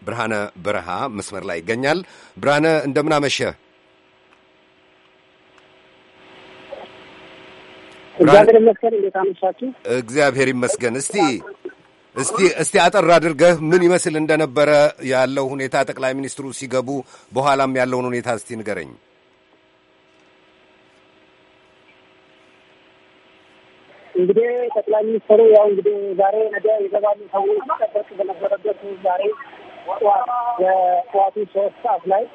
ብርሃነ በረሃ መስመር ላይ ይገኛል። ብርሃነ እንደምን አመሸህ? እግዚአብሔር ይመስገን። እንዴት አመሻችሁ? እግዚአብሔር ይመስገን። እስቲ እስቲ እስቲ አጠር አድርገህ ምን ይመስል እንደነበረ ያለው ሁኔታ ጠቅላይ ሚኒስትሩ ሲገቡ በኋላም ያለውን ሁኔታ እስቲ ንገረኝ።
እንግዲህ ጠቅላይ ሚኒስትሩ ያው እንግዲህ ዛሬ ነገ የገባሉ ሰዎች በነበረበት ዛሬ ጠዋት የጠዋቱ ሶስት ሰዓት ላይ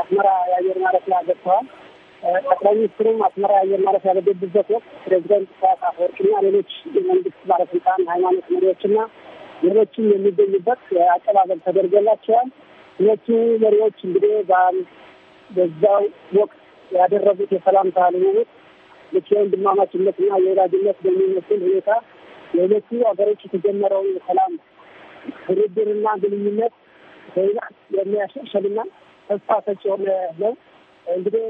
አስመራ የአየር ማረፊያ ገብተዋል። ጠቅላይ ሚኒስትሩም አስመራ አየር ማረፊያ በገቡበት ወቅት ፕሬዚደንት ኢሳያስ አፈወርቂና ሌሎች የመንግስት ባለስልጣን፣ ሃይማኖት መሪዎችና ሌሎችም የሚገኙበት አቀባበል ተደርገላቸዋል። ሁለቱ መሪዎች እንግዲህ በዛው ወቅት ያደረጉት የሰላምታ ልውውጥ ልክ የወንድማማችነትና የወዳጅነት በሚመስል ሁኔታ የሁለቱ ሀገሮች የተጀመረውን የሰላም ድርድርና ግንኙነት በይናት የሚያሻሽልና ተስፋ ሰጪ የሆነ ለውጥ እንግዲህ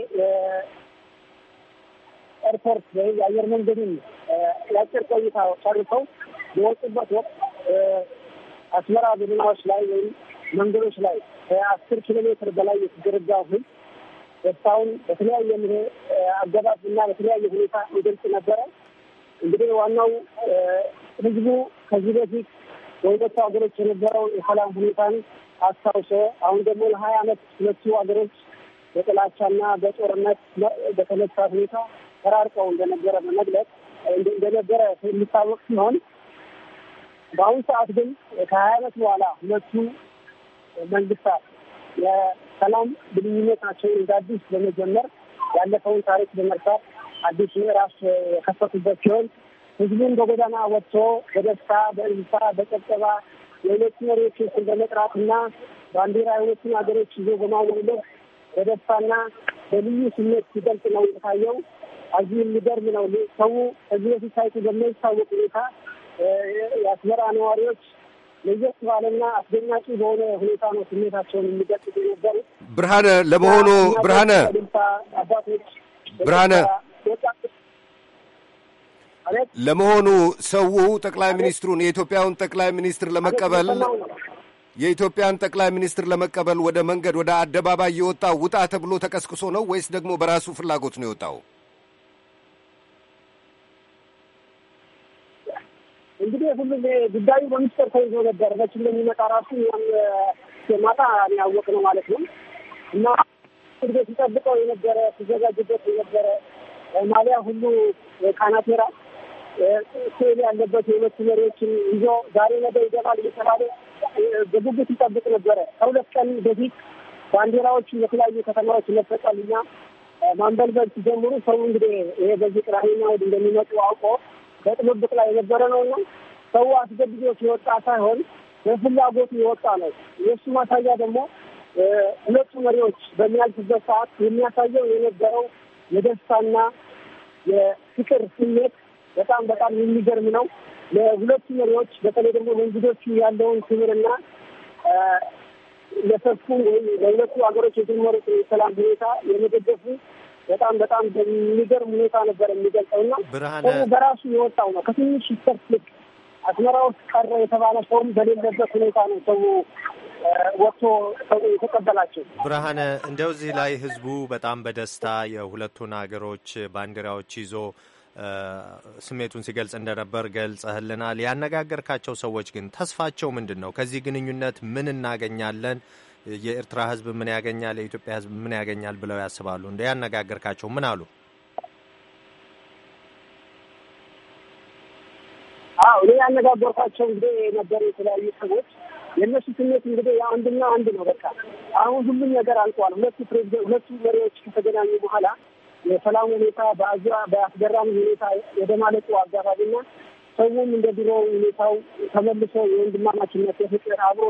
ኤርፖርት ወይም የአየር መንገድን የአጭር ቆይታ ጨርሰው በወጡበት ወቅት አስመራ ዘመናዎች ላይ ወይም መንገዶች ላይ ከአስር ኪሎ ሜትር በላይ የተዘረጋው ህዝብ ደስታውን በተለያየ አገባብ እና በተለያየ ሁኔታ ይገልጽ ነበረ። እንግዲህ ዋናው ህዝቡ ከዚህ በፊት በሁለቱ ሀገሮች የነበረው የሰላም ሁኔታን አስታውሶ አሁን ደግሞ ለሀያ አመት ሁለቱ ሀገሮች በጥላቻና በጦርነት በተነሳ ሁኔታ ተራርቀው እንደነበረ በመግለጽ እንደነበረ የሚታወቅ ሲሆን በአሁኑ ሰዓት ግን ከሀያ ዓመት በኋላ ሁለቱ መንግስታት የሰላም ግንኙነታቸውን እንደ አዲስ በመጀመር ያለፈውን ታሪክ በመርሳት አዲስ ምዕራፍ የከፈቱበት ሲሆን ህዝቡን በጎዳና ወጥቶ በደስታ በእልልታ በጨብጨባ የሁለቱ መሪዎችን ስም በመጥራትና ባንዲራ የሁለቱን ሀገሮች ይዞ በማውለብለብ በደስታና በልዩ ስሜት ሲገልጽ ነው የታየው። አዚ የሚገርም ነው። ሰው ከዚህ በፊት ታይቶ
በማይታወቅ
ሁኔታ የአስመራ ነዋሪዎች ለየት ባለና አስደናቂ በሆነ ሁኔታ ነው ስሜታቸውን የሚገልጽ የነበሩ።
ብርሃነ ለመሆኑ ብርሃነ አባቶች ብርሃነ ለመሆኑ ሰው ጠቅላይ ሚኒስትሩን የኢትዮጵያውን ጠቅላይ ሚኒስትር ለመቀበል የኢትዮጵያን ጠቅላይ ሚኒስትር ለመቀበል ወደ መንገድ ወደ አደባባይ የወጣው ውጣ ተብሎ ተቀስቅሶ ነው ወይስ ደግሞ በራሱ ፍላጎት ነው የወጣው?
እንግዲህ ሁሉም ጉዳዩ በሚስጥር ተይዞ ነበር። መች እንደሚመጣ ራሱ ማታ ያወቅ ነው ማለት ነው እና ፍርድ ቤት ሲጠብቀው የነበረ ሲዘጋጅበት የነበረ ማሊያ ሁሉ ካናቴራ ስዕል ያለበት የሁለቱ መሪዎችን ይዞ ዛሬ ነገ ይገባል እየተባለ በጉጉት ይጠብቅ ነበረ። ከሁለት ቀን በፊት ባንዲራዎች የተለያዩ ከተማዎች ይለፈጣሉና ማንበልበል ሲጀምሩ ሰው እንግዲህ ይሄ በዚህ ቅዳሜና እሑድ እንደሚመጡ አውቆ በጥብብቅ ላይ የነበረ እና ሰው አስገድዶት የወጣ ሳይሆን በፍላጎቱ የወጣ ነው። የእሱ ማሳያ ደግሞ ሁለቱ መሪዎች በሚያልፉበት ሰዓት የሚያሳየው የነበረው የደስታና የፍቅር ስሜት በጣም በጣም የሚገርም ነው። ለሁለቱ መሪዎች በተለይ ደግሞ ለእንግዶቹ ያለውን ክብርና ለሰፉ ወይም ለሁለቱ ሀገሮች የጀመሩት የሰላም ሁኔታ የመደገፉ በጣም በጣም በሚገርም ሁኔታ ነበር የሚገልጸውና በራሱ የወጣው ነው። ከትንሽ ይስተርትልቅ አስመራ ውስጥ ቀረ የተባለ ሰውም በሌለበት ሁኔታ ነው ሰው ወጥቶ የተቀበላቸው።
ብርሃነ እንደው እዚህ ላይ ህዝቡ በጣም በደስታ የሁለቱን ሀገሮች ባንዲራዎች ይዞ ስሜቱን ሲገልጽ እንደነበር ገልጸህልናል። ያነጋገርካቸው ሰዎች ግን ተስፋቸው ምንድን ነው? ከዚህ ግንኙነት ምን እናገኛለን? የኤርትራ ህዝብ ምን ያገኛል? የኢትዮጵያ ህዝብ ምን ያገኛል ብለው ያስባሉ? እንደ ያነጋገርካቸው ምን አሉ?
አዎ እኔ ያነጋገርኳቸው እንግዲህ የነበሩ የተለያዩ ሰዎች የእነሱ ስሜት እንግዲህ የአንድና አንድ ነው። በቃ አሁን ሁሉም ነገር አልቋል። ሁለቱ ፕሬዚደንት ሁለቱ መሪዎች ከተገናኙ በኋላ የሰላም ሁኔታ በአዚያ በአስገራሚ ሁኔታ ወደ ማለቁ አጋፋቢና ሰውም እንደ ድሮ ሁኔታው ተመልሶ የወንድማማችነት የፍቅር አብሮ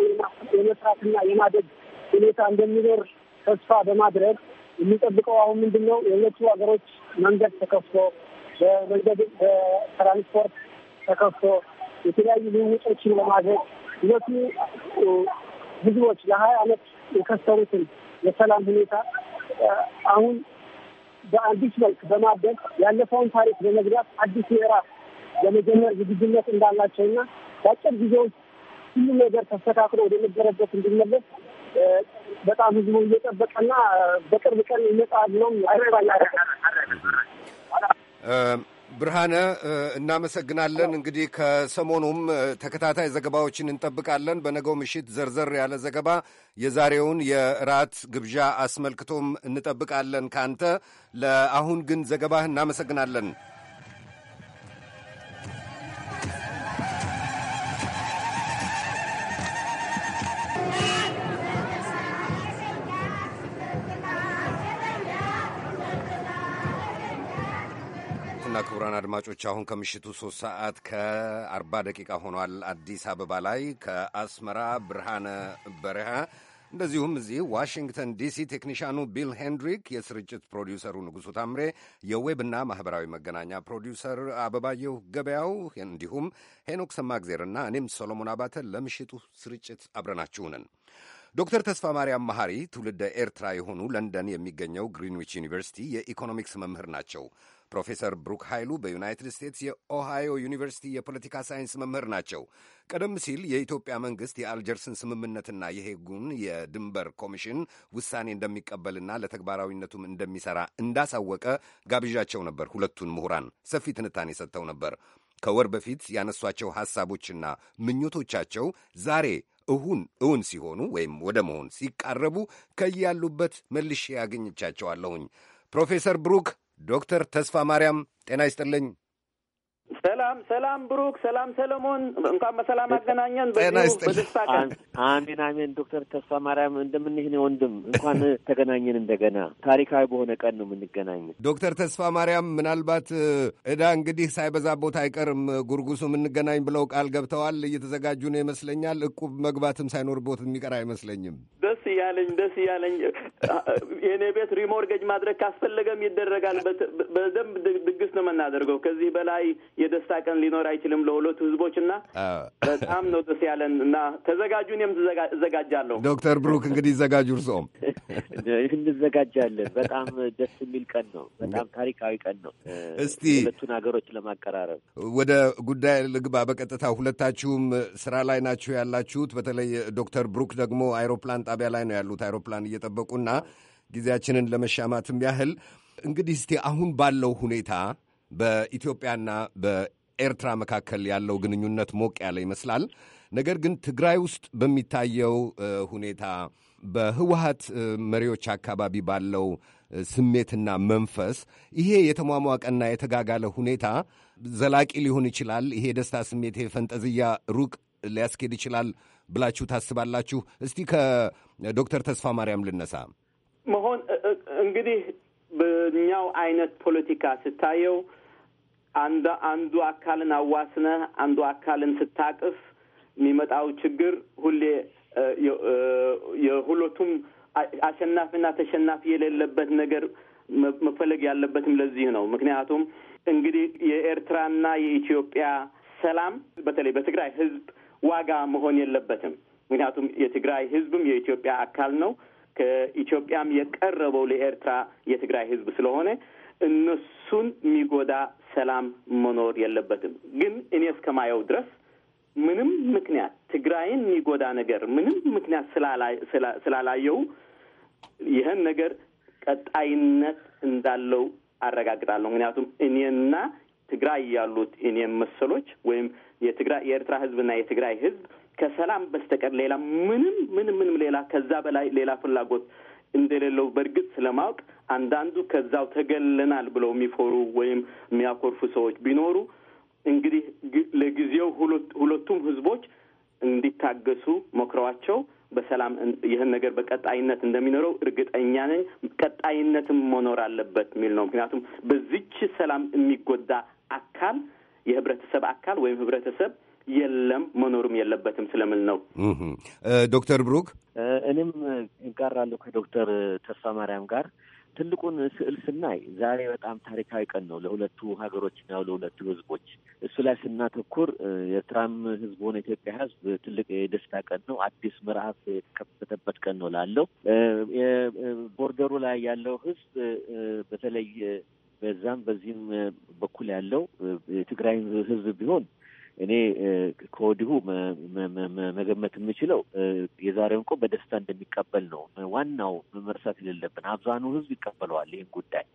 የመስራትና የማደግ ሁኔታ እንደሚኖር ተስፋ በማድረግ የሚጠብቀው አሁን ምንድን ነው? የሁለቱ ሀገሮች መንገድ ተከፍቶ በመንገድ በትራንስፖርት ተከፍቶ የተለያዩ ልውውጦችን ለማድረግ ሁለቱ ህዝቦች ለሀያ አመት የከሰሩትን የሰላም ሁኔታ አሁን በአዲስ መልክ በማደግ ያለፈውን ታሪክ በመግዳት አዲስ ምዕራፍ ለመጀመር ዝግጁነት እንዳላቸውና በአጭር ጊዜ ውስጥ ነገር ተስተካክሎ ወደነበረበት እንዲመለስ በጣም ህዝቡ እየጠበቀና በቅርብ ቀን ይመጣ
ነው አይረባያ ብርሃነ እናመሰግናለን። እንግዲህ ከሰሞኑም ተከታታይ ዘገባዎችን እንጠብቃለን። በነገው ምሽት ዘርዘር ያለ ዘገባ የዛሬውን የራት ግብዣ አስመልክቶም እንጠብቃለን ከአንተ። ለአሁን ግን ዘገባህ እናመሰግናለን። ክቡራን አድማጮች አሁን ከምሽቱ ሶስት ሰዓት ከአርባ ደቂቃ ሆኗል። አዲስ አበባ ላይ ከአስመራ ብርሃነ በረሃ እንደዚሁም እዚህ ዋሽንግተን ዲሲ ቴክኒሽኑ ቢል ሄንድሪክ፣ የስርጭት ፕሮዲውሰሩ ንጉሡ ታምሬ፣ የዌብና ማኅበራዊ መገናኛ ፕሮዲውሰር አበባየሁ ገበያው እንዲሁም ሄኖክ ሰማግዜርና እኔም ሰሎሞን አባተ ለምሽቱ ስርጭት አብረናችሁንን። ዶክተር ተስፋ ማርያም መሐሪ ትውልደ ኤርትራ የሆኑ ለንደን የሚገኘው ግሪንዊች ዩኒቨርሲቲ የኢኮኖሚክስ መምህር ናቸው። ፕሮፌሰር ብሩክ ኃይሉ በዩናይትድ ስቴትስ የኦሃዮ ዩኒቨርሲቲ የፖለቲካ ሳይንስ መምህር ናቸው። ቀደም ሲል የኢትዮጵያ መንግሥት የአልጀርስን ስምምነትና የሄጉን የድንበር ኮሚሽን ውሳኔ እንደሚቀበልና ለተግባራዊነቱም እንደሚሠራ እንዳሳወቀ ጋብዣቸው ነበር። ሁለቱን ምሁራን ሰፊ ትንታኔ ሰጥተው ነበር። ከወር በፊት ያነሷቸው ሐሳቦችና ምኞቶቻቸው ዛሬ እሁን እውን ሲሆኑ ወይም ወደ መሆን ሲቃረቡ ከያሉበት መልሼ ያገኝቻቸዋለሁኝ። ፕሮፌሰር ብሩክ ዶክተር ተስፋ ማርያም ጤና ይስጥልኝ።
ሰላም ሰላም፣ ብሩክ ሰላም፣ ሰለሞን እንኳን በሰላም አገናኘን። በደስታ ቀን
አሜን አሜን። ዶክተር ተስፋ ማርያም እንደምንህ ነው ወንድም፣ እንኳን ተገናኘን እንደገና። ታሪካዊ በሆነ ቀን ነው የምንገናኝ።
ዶክተር ተስፋ ማርያም ምናልባት እዳ እንግዲህ ቦታ አይቀርም ጉርጉሱ የምንገናኝ ብለው ቃል ገብተዋል። እየተዘጋጁ ነው ይመስለኛል። እቁብ መግባትም ቦት የሚቀር አይመስለኝም።
ደስ እያለኝ ደስ እያለኝ የእኔ ቤት ሪሞርገጅ ማድረግ ካስፈለገም ይደረጋል። በደንብ ድግስ ነው የምናደርገው ከዚህ በላይ የደስታ ቀን ሊኖር አይችልም ለሁለቱ ህዝቦች እና በጣም ነው ደስ ያለን እና ተዘጋጁ። እኔም እዘጋጃለሁ። ዶክተር
ብሩክ እንግዲህ ይዘጋጁ፣ እርስዎም እንዘጋጃለን። በጣም ደስ የሚል ቀን ነው። በጣም ታሪካዊ ቀን ነው። እስቲ ሁለቱን ሀገሮች ለማቀራረብ
ወደ ጉዳይ ልግባ በቀጥታ ሁለታችሁም ስራ ላይ ናችሁ ያላችሁት። በተለይ ዶክተር ብሩክ ደግሞ አይሮፕላን ጣቢያ ላይ ነው ያሉት አይሮፕላን እየጠበቁና ጊዜያችንን ለመሻማትም ያህል እንግዲህ እስቲ አሁን ባለው ሁኔታ በኢትዮጵያና በኤርትራ መካከል ያለው ግንኙነት ሞቅ ያለ ይመስላል። ነገር ግን ትግራይ ውስጥ በሚታየው ሁኔታ በህወሀት መሪዎች አካባቢ ባለው ስሜትና መንፈስ ይሄ የተሟሟቀና የተጋጋለ ሁኔታ ዘላቂ ሊሆን ይችላል። ይሄ የደስታ ስሜት፣ ይሄ ፈንጠዝያ ሩቅ ሊያስኬድ ይችላል ብላችሁ ታስባላችሁ? እስቲ ከዶክተር ተስፋ ማርያም ልነሳ።
መሆን እንግዲህ በኛው አይነት ፖለቲካ ስታየው አንዱ አንዱ አካልን አዋስነህ አንዱ አካልን ስታቅፍ የሚመጣው ችግር ሁሌ የሁለቱም አሸናፊና ተሸናፊ የሌለበት ነገር መፈለግ ያለበትም ለዚህ ነው። ምክንያቱም እንግዲህ የኤርትራና የኢትዮጵያ ሰላም በተለይ በትግራይ ሕዝብ ዋጋ መሆን የለበትም። ምክንያቱም የትግራይ ሕዝብም የኢትዮጵያ አካል ነው። ከኢትዮጵያም የቀረበው ለኤርትራ የትግራይ ሕዝብ ስለሆነ እነሱን የሚጎዳ ሰላም መኖር የለበትም። ግን እኔ እስከማየው ድረስ ምንም ምክንያት ትግራይን የሚጎዳ ነገር ምንም ምክንያት ስላላየው ይህን ነገር ቀጣይነት እንዳለው አረጋግጣለሁ። ምክንያቱም እኔና ትግራይ ያሉት እኔ መሰሎች ወይም የትግራይ የኤርትራ ህዝብና የትግራይ ህዝብ ከሰላም በስተቀር ሌላ ምንም ምንም ምንም ሌላ ከዛ በላይ ሌላ ፍላጎት እንደሌለው በእርግጥ ስለማወቅ አንዳንዱ ከዛው ተገለናል ብለው የሚፈሩ ወይም የሚያኮርፉ ሰዎች ቢኖሩ እንግዲህ ለጊዜው ሁለቱም ህዝቦች እንዲታገሱ መክረዋቸው በሰላም ይህን ነገር በቀጣይነት እንደሚኖረው እርግጠኛ ነኝ። ቀጣይነትም መኖር አለበት የሚል ነው። ምክንያቱም በዚች ሰላም የሚጎዳ አካል የህብረተሰብ አካል ወይም ህብረተሰብ የለም መኖርም የለበትም ስለምል ነው።
ዶክተር ብሩክ
እኔም እጋራለሁ ከዶክተር ተስፋ ማርያም ጋር ትልቁን ስዕል ስናይ ዛሬ በጣም ታሪካዊ ቀን ነው ለሁለቱ ሀገሮችና ለሁለቱ ህዝቦች እሱ ላይ ስናተኩር የኤርትራም ህዝብ ሆነ ኢትዮጵያ ህዝብ ትልቅ የደስታ ቀን ነው። አዲስ ምዕራፍ የተከፈተበት ቀን ነው ላለው ቦርደሩ ላይ ያለው ህዝብ በተለይ በዛም በዚህም በኩል ያለው የትግራይ ህዝብ ቢሆን እኔ ከወዲሁ መገመት የምችለው የዛሬውን እኮ በደስታ እንደሚቀበል ነው። ዋናው መርሳት የሌለብን አብዛኑ ህዝብ ይቀበለዋል ይህን ጉዳይ።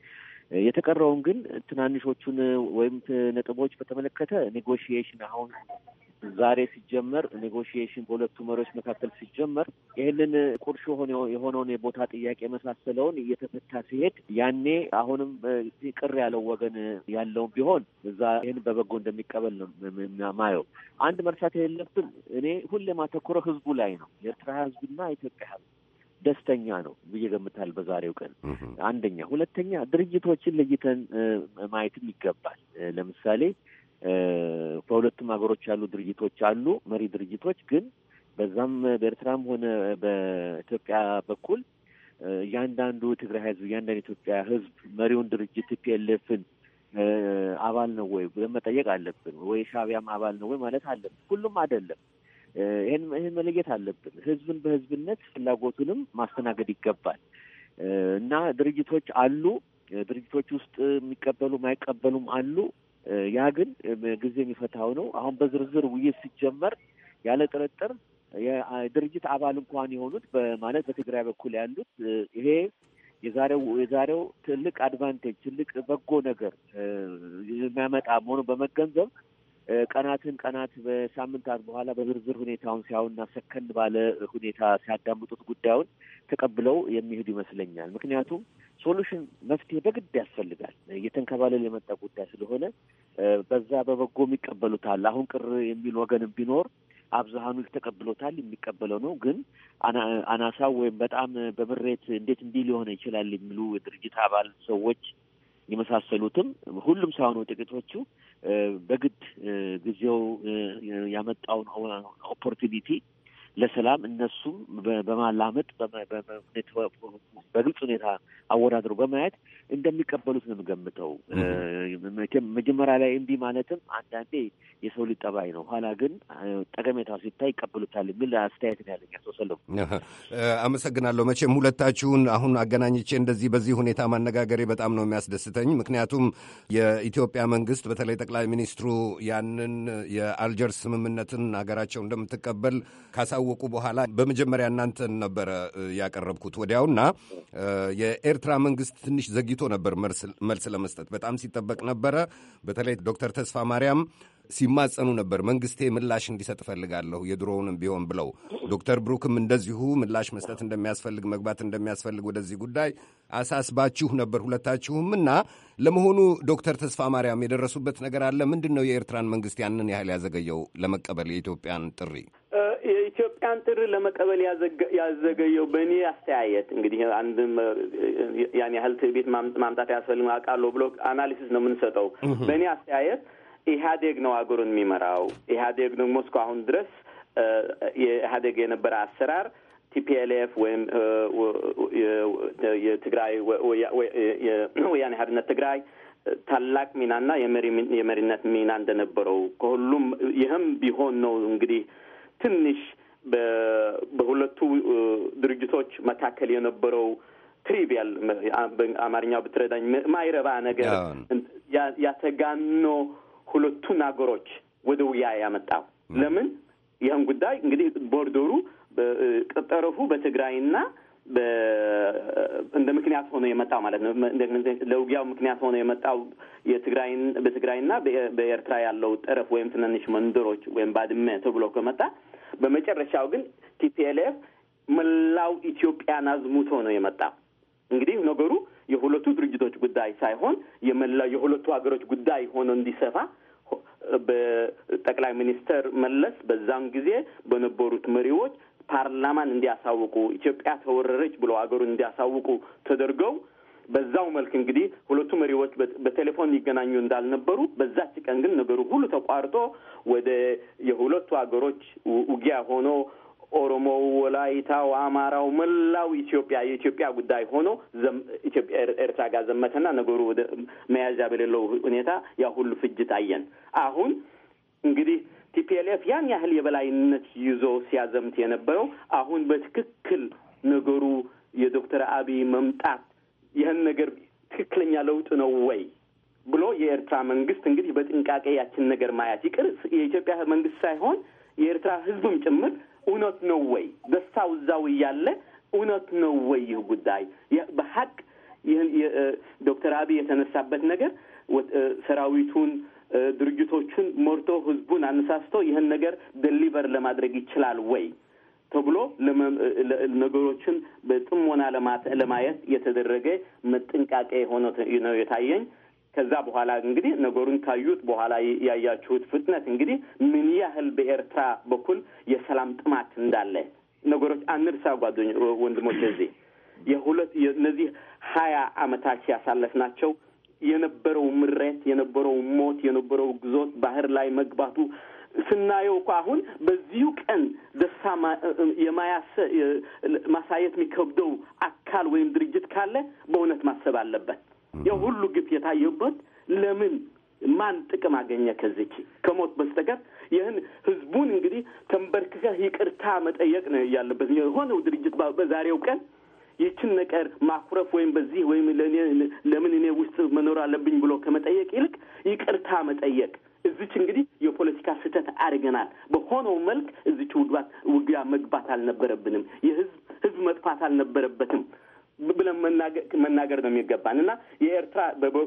የተቀረውን ግን ትናንሾቹን ወይም ነጥቦች በተመለከተ ኔጎሽዬሽን አሁን ዛሬ ሲጀመር ኔጎሽዬሽን በሁለቱ መሪዎች መካከል ሲጀመር ይህንን ቁርሾ የሆነውን የቦታ ጥያቄ መሳሰለውን እየተፈታ ሲሄድ ያኔ አሁንም ቅር ያለው ወገን ያለውን ቢሆን እዛ ይህን በበጎ እንደሚቀበል ነው ማየው። አንድ መርሳት የሌለብን እኔ ሁሌ ማተኮረው ህዝቡ ላይ ነው። የኤርትራ ህዝብና ኢትዮጵያ ህዝብ ደስተኛ ነው ብዬ ገምታል በዛሬው ቀን አንደኛ። ሁለተኛ ድርጅቶችን ለይተን ማየትም ይገባል። ለምሳሌ በሁለቱም ሀገሮች ያሉ ድርጅቶች አሉ፣ መሪ ድርጅቶች ግን በዛም በኤርትራም ሆነ በኢትዮጵያ በኩል እያንዳንዱ ትግራይ ህዝብ እያንዳንዱ ኢትዮጵያ ህዝብ መሪውን ድርጅት ቲፒኤልኤፍን አባል ነው ወይ ብለን መጠየቅ አለብን። ወይ ሻቢያም አባል ነው ወይ ማለት አለብን። ሁሉም አይደለም። ይህን ይህን መለየት አለብን። ህዝብን በህዝብነት ፍላጎቱንም ማስተናገድ ይገባል እና ድርጅቶች አሉ። ድርጅቶች ውስጥ የሚቀበሉ ማይቀበሉም አሉ። ያ ግን ጊዜ የሚፈታው ነው። አሁን በዝርዝር ውይይት ሲጀመር ያለ ጥርጥር የድርጅት አባል እንኳን የሆኑት ማለት በትግራይ በኩል ያሉት ይሄ የዛሬው የዛሬው ትልቅ አድቫንቴጅ ትልቅ በጎ ነገር የሚያመጣ መሆኑ በመገንዘብ ቀናትን ቀናት በሳምንታት በኋላ በዝርዝር ሁኔታውን ሲያዩና ሰከን ባለ ሁኔታ ሲያዳምጡት ጉዳዩን ተቀብለው የሚሄዱ ይመስለኛል። ምክንያቱም ሶሉሽን መፍትሄ በግድ ያስፈልጋል። እየተንከባለል የመጣ ጉዳይ ስለሆነ በዛ በበጎም ይቀበሉታል። አሁን ቅር የሚል ወገንም ቢኖር አብዛሃኑ ተቀብሎታል፣ የሚቀበለው ነው። ግን አናሳው ወይም በጣም በምሬት እንዴት እንዲህ ሊሆነ ይችላል የሚሉ የድርጅት አባል ሰዎች የመሳሰሉትም ሁሉም ሳይሆኑ ጥቂቶቹ በግድ ጊዜው ያመጣውን ኦፖርቱኒቲ። ለሰላም እነሱም በማላመጥ በግልጽ ሁኔታ አወዳድሮ በማየት እንደሚቀበሉት ነው የምገምተው። መጀመሪያ ላይ እምቢ ማለትም አንዳንዴ የሰው ልጅ ጠባይ ነው። ኋላ ግን ጠቀሜታው ሲታይ ይቀበሉታል የሚል አስተያየት ነው ያለኝ። አቶ
አመሰግናለሁ። መቼም ሁለታችሁን አሁን አገናኝቼ እንደዚህ በዚህ ሁኔታ ማነጋገሬ በጣም ነው የሚያስደስተኝ። ምክንያቱም የኢትዮጵያ መንግስት በተለይ ጠቅላይ ሚኒስትሩ ያንን የአልጀርስ ስምምነትን ሀገራቸው እንደምትቀበል ካሳ ካወቁ በኋላ በመጀመሪያ እናንተን ነበረ ያቀረብኩት ወዲያውና የኤርትራ መንግስት ትንሽ ዘግይቶ ነበር መልስ ለመስጠት በጣም ሲጠበቅ ነበረ። በተለይ ዶክተር ተስፋ ማርያም ሲማጸኑ ነበር፣ መንግስቴ ምላሽ እንዲሰጥ እፈልጋለሁ የድሮውንም ቢሆን ብለው። ዶክተር ብሩክም እንደዚሁ ምላሽ መስጠት እንደሚያስፈልግ መግባት እንደሚያስፈልግ ወደዚህ ጉዳይ አሳስባችሁ ነበር ሁለታችሁም። እና ለመሆኑ ዶክተር ተስፋ ማርያም የደረሱበት ነገር አለ? ምንድን ነው የኤርትራን መንግስት ያንን ያህል ያዘገየው ለመቀበል የኢትዮጵያን ጥሪ?
የአሜሪካን ጥሪ ለመቀበል ያዘገየው በእኔ አስተያየት እንግዲህ አንድም ያን ያህል ትዕቢት ማምጣት ያስፈልግ አውቃለሁ ብሎ አናሊሲስ ነው የምንሰጠው። በእኔ አስተያየት ኢህአዴግ ነው አገሩን የሚመራው። ኢህአዴግ ደግሞ እስካሁን ድረስ የኢህአዴግ የነበረ አሰራር ቲፒኤልኤፍ ወይም የትግራይ ወያኔ ሀርነት ትግራይ ታላቅ ሚናና የመሪነት ሚና እንደነበረው ከሁሉም ይህም ቢሆን ነው እንግዲህ ትንሽ በሁለቱ ድርጅቶች መካከል የነበረው ትሪቪያል አማርኛው ብትረዳኝ ማይረባ ነገር ያተጋኖ ሁለቱን አገሮች ወደ ውያ ያመጣው ለምን ይህን ጉዳይ እንግዲህ ቦርደሩ ጠረፉ በትግራይና እንደ ምክንያት ሆኖ የመጣው ማለት ነው። ለውጊያው ምክንያት ሆኖ የመጣው የትግራይን በትግራይና በኤርትራ ያለው ጠረፍ ወይም ትንንሽ መንደሮች ወይም ባድመ ተብሎ ከመጣ በመጨረሻው ግን ቲፒኤልኤፍ መላው ኢትዮጵያን አዝሙቶ ነው የመጣው። እንግዲህ ነገሩ የሁለቱ ድርጅቶች ጉዳይ ሳይሆን የመላው የሁለቱ ሀገሮች ጉዳይ ሆኖ እንዲሰፋ በጠቅላይ ሚኒስትር መለስ በዛም ጊዜ በነበሩት መሪዎች ፓርላማን እንዲያሳውቁ ኢትዮጵያ ተወረረች ብሎ ሀገሩን እንዲያሳውቁ ተደርገው በዛው መልክ እንግዲህ ሁለቱ መሪዎች በቴሌፎን ሊገናኙ እንዳልነበሩ፣ በዛች ቀን ግን ነገሩ ሁሉ ተቋርጦ ወደ የሁለቱ ሀገሮች ውጊያ ሆኖ ኦሮሞው፣ ወላይታው፣ አማራው፣ መላው ኢትዮጵያ የኢትዮጵያ ጉዳይ ሆኖ ኢትዮጵያ ኤርትራ ጋር ዘመተና ነገሩ ወደ መያዣ በሌለው ሁኔታ ያ ሁሉ ፍጅት አየን። አሁን እንግዲህ ቲፒኤልኤፍ ያን ያህል የበላይነት ይዞ ሲያዘምት የነበረው አሁን በትክክል ነገሩ የዶክተር አብይ መምጣት ይህን ነገር ትክክለኛ ለውጥ ነው ወይ ብሎ የኤርትራ መንግስት እንግዲህ በጥንቃቄ ያችን ነገር ማየት ይቅር፣ የኢትዮጵያ መንግስት ሳይሆን የኤርትራ ህዝብም ጭምር እውነት ነው ወይ ደስታው እዛው እያለ እውነት ነው ወይ ይህ ጉዳይ በሀቅ ይህን ዶክተር አብይ የተነሳበት ነገር ሰራዊቱን ድርጅቶቹን ሞርቶ ህዝቡን አነሳስቶ ይህን ነገር ደሊቨር ለማድረግ ይችላል ወይ ተብሎ ነገሮችን በጥሞና ለማየት የተደረገ መጥንቃቄ ሆኖ ነው የታየኝ። ከዛ በኋላ እንግዲህ ነገሩን ካዩት በኋላ ያያችሁት ፍጥነት እንግዲህ ምን ያህል በኤርትራ በኩል የሰላም ጥማት እንዳለ ነገሮች አንርሳ፣ ጓደኞ ወንድሞች፣ እዚህ የሁለት እነዚህ ሀያ አመታች ናቸው የነበረው ምሬት፣ የነበረው ሞት፣ የነበረው ግዞት ባህር ላይ መግባቱ ስናየው እኮ አሁን በዚሁ ቀን ደስታ የማያሰ ማሳየት የሚከብደው አካል ወይም ድርጅት ካለ በእውነት ማሰብ አለበት። የሁሉ ግፍ የታየበት ለምን ማን ጥቅም አገኘ ከዚች ከሞት በስተቀር? ይህን ህዝቡን እንግዲህ ተንበርክከህ ይቅርታ መጠየቅ ነው ያለበት። የሆነው ድርጅት በዛሬው ቀን ይችን ነገር ማኩረፍ ወይም በዚህ ወይም ለምን እኔ ውስጥ መኖር አለብኝ ብሎ ከመጠየቅ ይልቅ ይቅርታ መጠየቅ እዚች እንግዲህ የፖለቲካ ስህተት አድርገናል። በሆነው መልክ እዚች ውድባት ውጊያ መግባት አልነበረብንም። የህዝብ ህዝብ መጥፋት አልነበረበትም ብለን መናገር ነው የሚገባን እና የኤርትራ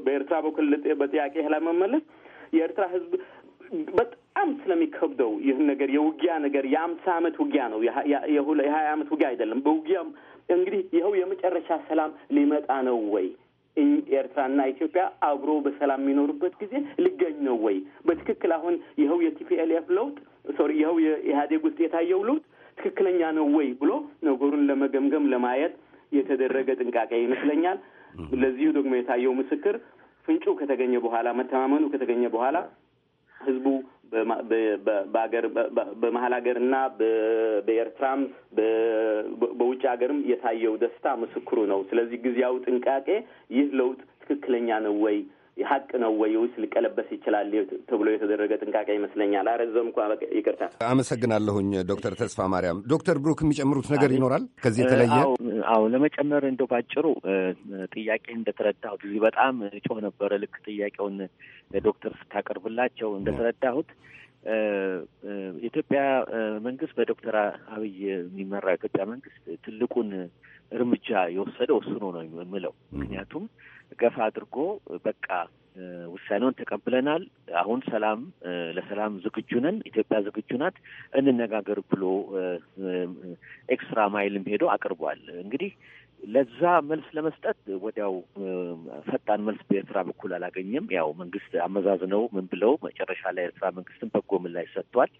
በኤርትራ በኩል በጥያቄ ላይ መመለስ የኤርትራ ህዝብ በጣም ስለሚከብደው ይህን ነገር የውጊያ ነገር የአምሳ አመት ውጊያ ነው የሀያ አመት ውጊያ አይደለም። በውጊያ እንግዲህ ይኸው የመጨረሻ ሰላም ሊመጣ ነው ወይ ኤርትራና ኢትዮጵያ አብሮ በሰላም የሚኖሩበት ጊዜ ሊገኝ ነው ወይ? በትክክል አሁን ይኸው የቲፒኤልኤፍ ለውጥ ሶሪ ይኸው የኢህአዴግ ውስጥ የታየው ለውጥ ትክክለኛ ነው ወይ ብሎ ነገሩን ለመገምገም ለማየት የተደረገ ጥንቃቄ ይመስለኛል። ለዚሁ ደግሞ የታየው ምስክር ፍንጩ ከተገኘ በኋላ መተማመኑ ከተገኘ በኋላ ህዝቡ በመሀል ሀገርና በኤርትራም በውጭ ሀገርም የታየው ደስታ ምስክሩ ነው። ስለዚህ ጊዜያዊ ጥንቃቄ ይህ ለውጥ ትክክለኛ ነው ወይ ሀቅ ነው ወይ ውስጥ ሊቀለበስ ይችላል ተብሎ የተደረገ ጥንቃቄ ይመስለኛል። እኳ ይቅርታ።
አመሰግናለሁኝ ዶክተር ተስፋ ማርያም። ዶክተር ብሩክ የሚጨምሩት ነገር ይኖራል ከዚህ የተለየ?
አዎ ለመጨመር እንደ ባጭሩ ጥያቄ እንደተረዳሁት
እዚህ በጣም ጮህ ነበረ። ልክ ጥያቄውን ለዶክተር ስታቀርብላቸው እንደተረዳሁት ኢትዮጵያ መንግስት በዶክተር አብይ የሚመራ ኢትዮጵያ መንግስት ትልቁን እርምጃ የወሰደ ወስኖ ነው የምለው ምክንያቱም ገፋ አድርጎ በቃ ውሳኔውን ተቀብለናል፣ አሁን ሰላም ለሰላም ዝግጁ ነን፣ ኢትዮጵያ ዝግጁ ናት፣ እንነጋገር ብሎ ኤክስትራ ማይልም ሄዶ አቅርቧል። እንግዲህ ለዛ መልስ ለመስጠት ወዲያው ፈጣን መልስ በኤርትራ በኩል አላገኘም። ያው መንግስት ነው ምን ብለው መጨረሻ ላይ ኤርትራ መንግስትም በጎ ምላሽ ሰጥቷል።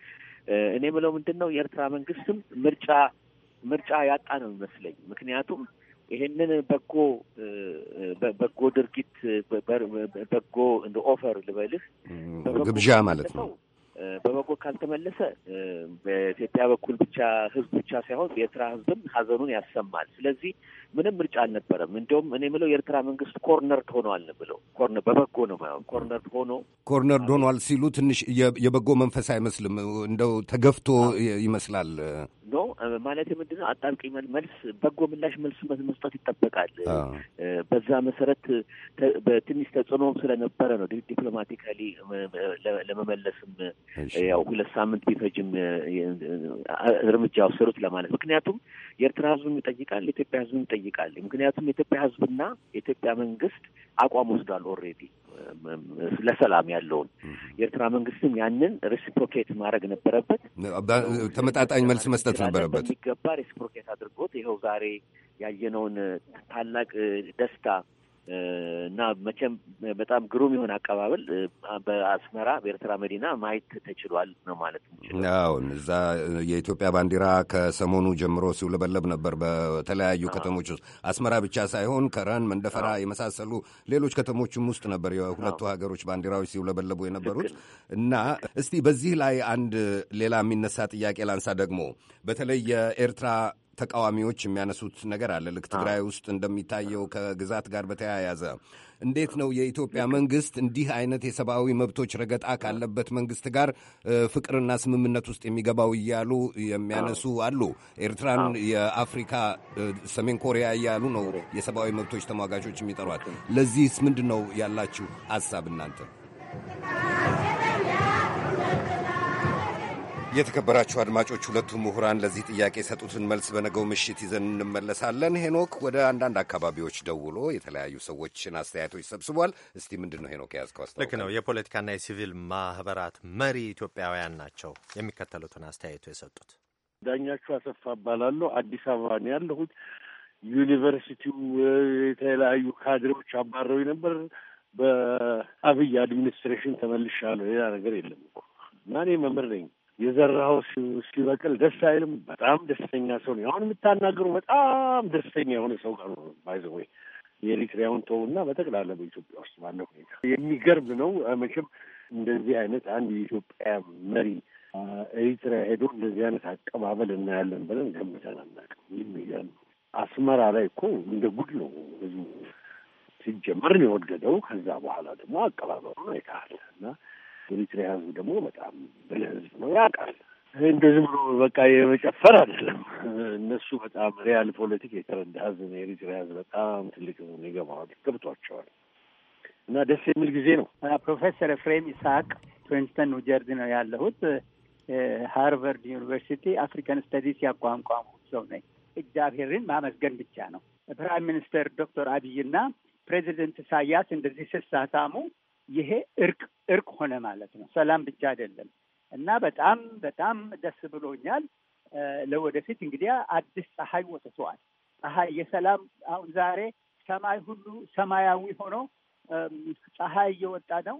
እኔ ብለው ምንድን ነው የኤርትራ መንግስትም ምርጫ ምርጫ ያጣ ነው ይመስለኝ። ምክንያቱም ይህንን በጎ በጎ ድርጊት በጎ እንደ ኦፈር ልበልህ ግብዣ ማለት ነው። በበጎ ካልተመለሰ በኢትዮጵያ በኩል ብቻ ህዝብ ብቻ ሳይሆን የኤርትራ ህዝብም ሀዘኑን ያሰማል። ስለዚህ ምንም ምርጫ አልነበረም። እንዲሁም እኔ የምለው የኤርትራ መንግስት ኮርነር ሆኗል ነው ብለው ኮርነር በበጎ ነው ማለት ኮርነር ሆኖ
ኮርነር ሆኗል ሲሉ ትንሽ የበጎ መንፈስ አይመስልም፣ እንደው ተገፍቶ ይመስላል።
ኖ ማለት ምንድነው አጣብቂኝ መልስ በጎ ምላሽ መልስ መስጠት ይጠበቃል። በዛ መሰረት በትንሽ ተጽዕኖም ስለነበረ ነው ዲፕሎማቲካሊ ለመመለስም ያው ሁለት ሳምንት ቢፈጅም እርምጃ ወሰዱት ለማለት ምክንያቱም የኤርትራ ህዝብም ይጠይቃል፣ የኢትዮጵያ ህዝብም ይጠይቃል። ምክንያቱም የኢትዮጵያ ህዝብና የኢትዮጵያ መንግስት አቋም ወስዷል ኦልሬዲ ለሰላም ያለውን የኤርትራ መንግስትም ያንን ሬሲፕሮኬት ማድረግ ነበረበት። ተመጣጣኝ መልስ መስጠት ነበረበት። የሚገባ ሬሲፕሮኬት አድርጎት ይኸው ዛሬ ያየነውን ታላቅ ደስታ እና መቼም በጣም ግሩም የሆነ አቀባበል በአስመራ በኤርትራ መዲና ማየት
ተችሏል ነው ማለት
ው እዛ የኢትዮጵያ ባንዲራ ከሰሞኑ ጀምሮ ሲውለበለብ ነበር በተለያዩ ከተሞች ውስጥ አስመራ ብቻ ሳይሆን ከረን፣ መንደፈራ የመሳሰሉ ሌሎች ከተሞችም ውስጥ ነበር የሁለቱ ሀገሮች ባንዲራዎች ሲውለበለቡ የነበሩት እና እስቲ በዚህ ላይ አንድ ሌላ የሚነሳ ጥያቄ ላንሳ ደግሞ በተለይ የኤርትራ ተቃዋሚዎች የሚያነሱት ነገር አለ። ልክ ትግራይ ውስጥ እንደሚታየው ከግዛት ጋር በተያያዘ እንዴት ነው የኢትዮጵያ መንግስት እንዲህ አይነት የሰብአዊ መብቶች ረገጣ ካለበት መንግስት ጋር ፍቅርና ስምምነት ውስጥ የሚገባው እያሉ የሚያነሱ አሉ። ኤርትራን የአፍሪካ ሰሜን ኮሪያ እያሉ ነው የሰብአዊ መብቶች ተሟጋቾች የሚጠሯት። ለዚህስ ምንድን ነው ያላችሁ ሀሳብ እናንተ? የተከበራችሁ አድማጮች ሁለቱ ምሁራን ለዚህ ጥያቄ የሰጡትን መልስ በነገው ምሽት ይዘን እንመለሳለን። ሄኖክ ወደ አንዳንድ አካባቢዎች ደውሎ የተለያዩ ሰዎችን አስተያየቶች ሰብስቧል። እስቲ ምንድን
ነው ሄኖክ የያዝከው? ልክ ነው። የፖለቲካና የሲቪል ማህበራት መሪ ኢትዮጵያውያን ናቸው። የሚከተሉትን አስተያየቶ የሰጡት
ዳኛችሁ አሰፋ እባላለሁ። አዲስ አበባ ነው ያለሁት። ዩኒቨርሲቲው የተለያዩ ካድሬዎች አባረው ነበር። በአብይ አድሚኒስትሬሽን ተመልሻለሁ። ሌላ ነገር የለም እኮ እና እኔ መምህር ነኝ። የዘራው ሲበቅል ደስ አይልም? በጣም ደስተኛ ሰው ነው አሁን የምታናገሩ። በጣም ደስተኛ የሆነ ሰው ቀሩ ነው ባይዘወይ የኤሪትሪያውን ተው እና በጠቅላላ በኢትዮጵያ ውስጥ ባለ ሁኔታ የሚገርም ነው። መቼም እንደዚህ አይነት አንድ የኢትዮጵያ መሪ ኤሪትሪያ ሄዶ እንደዚህ አይነት አቀባበል እናያለን ብለን ገምተን አናውቅም። የሚገርም አስመራ ላይ እኮ እንደ ጉድ ነው ህዝቡ ሲጀመር ነው የወደደው። ከዛ በኋላ ደግሞ አቀባበሩ አይተሃል እና የኤርትራ ህዝብ ደግሞ በጣም ብልህ ህዝብ ነው፣ ያውቃል። እንደዚህ ብሎ በቃ የመጨፈር አይደለም። እነሱ በጣም ሪያል ፖለቲክ የተረዳ ህዝብ ነው። የኤርትራ ህዝብ በጣም ትልቅ ነው፣ ይገባዋል፣ ገብቷቸዋል። እና ደስ የሚል ጊዜ ነው። ፕሮፌሰር ኤፍሬም ይስሐቅ ፕሪንስተን ኒው ነው
ያለሁት። ሃርቨርድ ዩኒቨርሲቲ አፍሪካን ስተዲስ ያቋቋሙ ሰው ነኝ። እግዚአብሔርን ማመስገን ብቻ ነው። ፕራይም ሚኒስተር ዶክተር አብይና ፕሬዚደንት ኢሳያስ እንደዚህ ስሳሳሙ ይሄ እርቅ እርቅ ሆነ ማለት ነው። ሰላም ብቻ አይደለም እና በጣም በጣም ደስ ብሎኛል። ለወደፊት እንግዲህ አዲስ ፀሐይ ወጥቷል። ፀሐይ የሰላም አሁን ዛሬ ሰማይ ሁሉ ሰማያዊ ሆኖ ፀሐይ እየወጣ ነው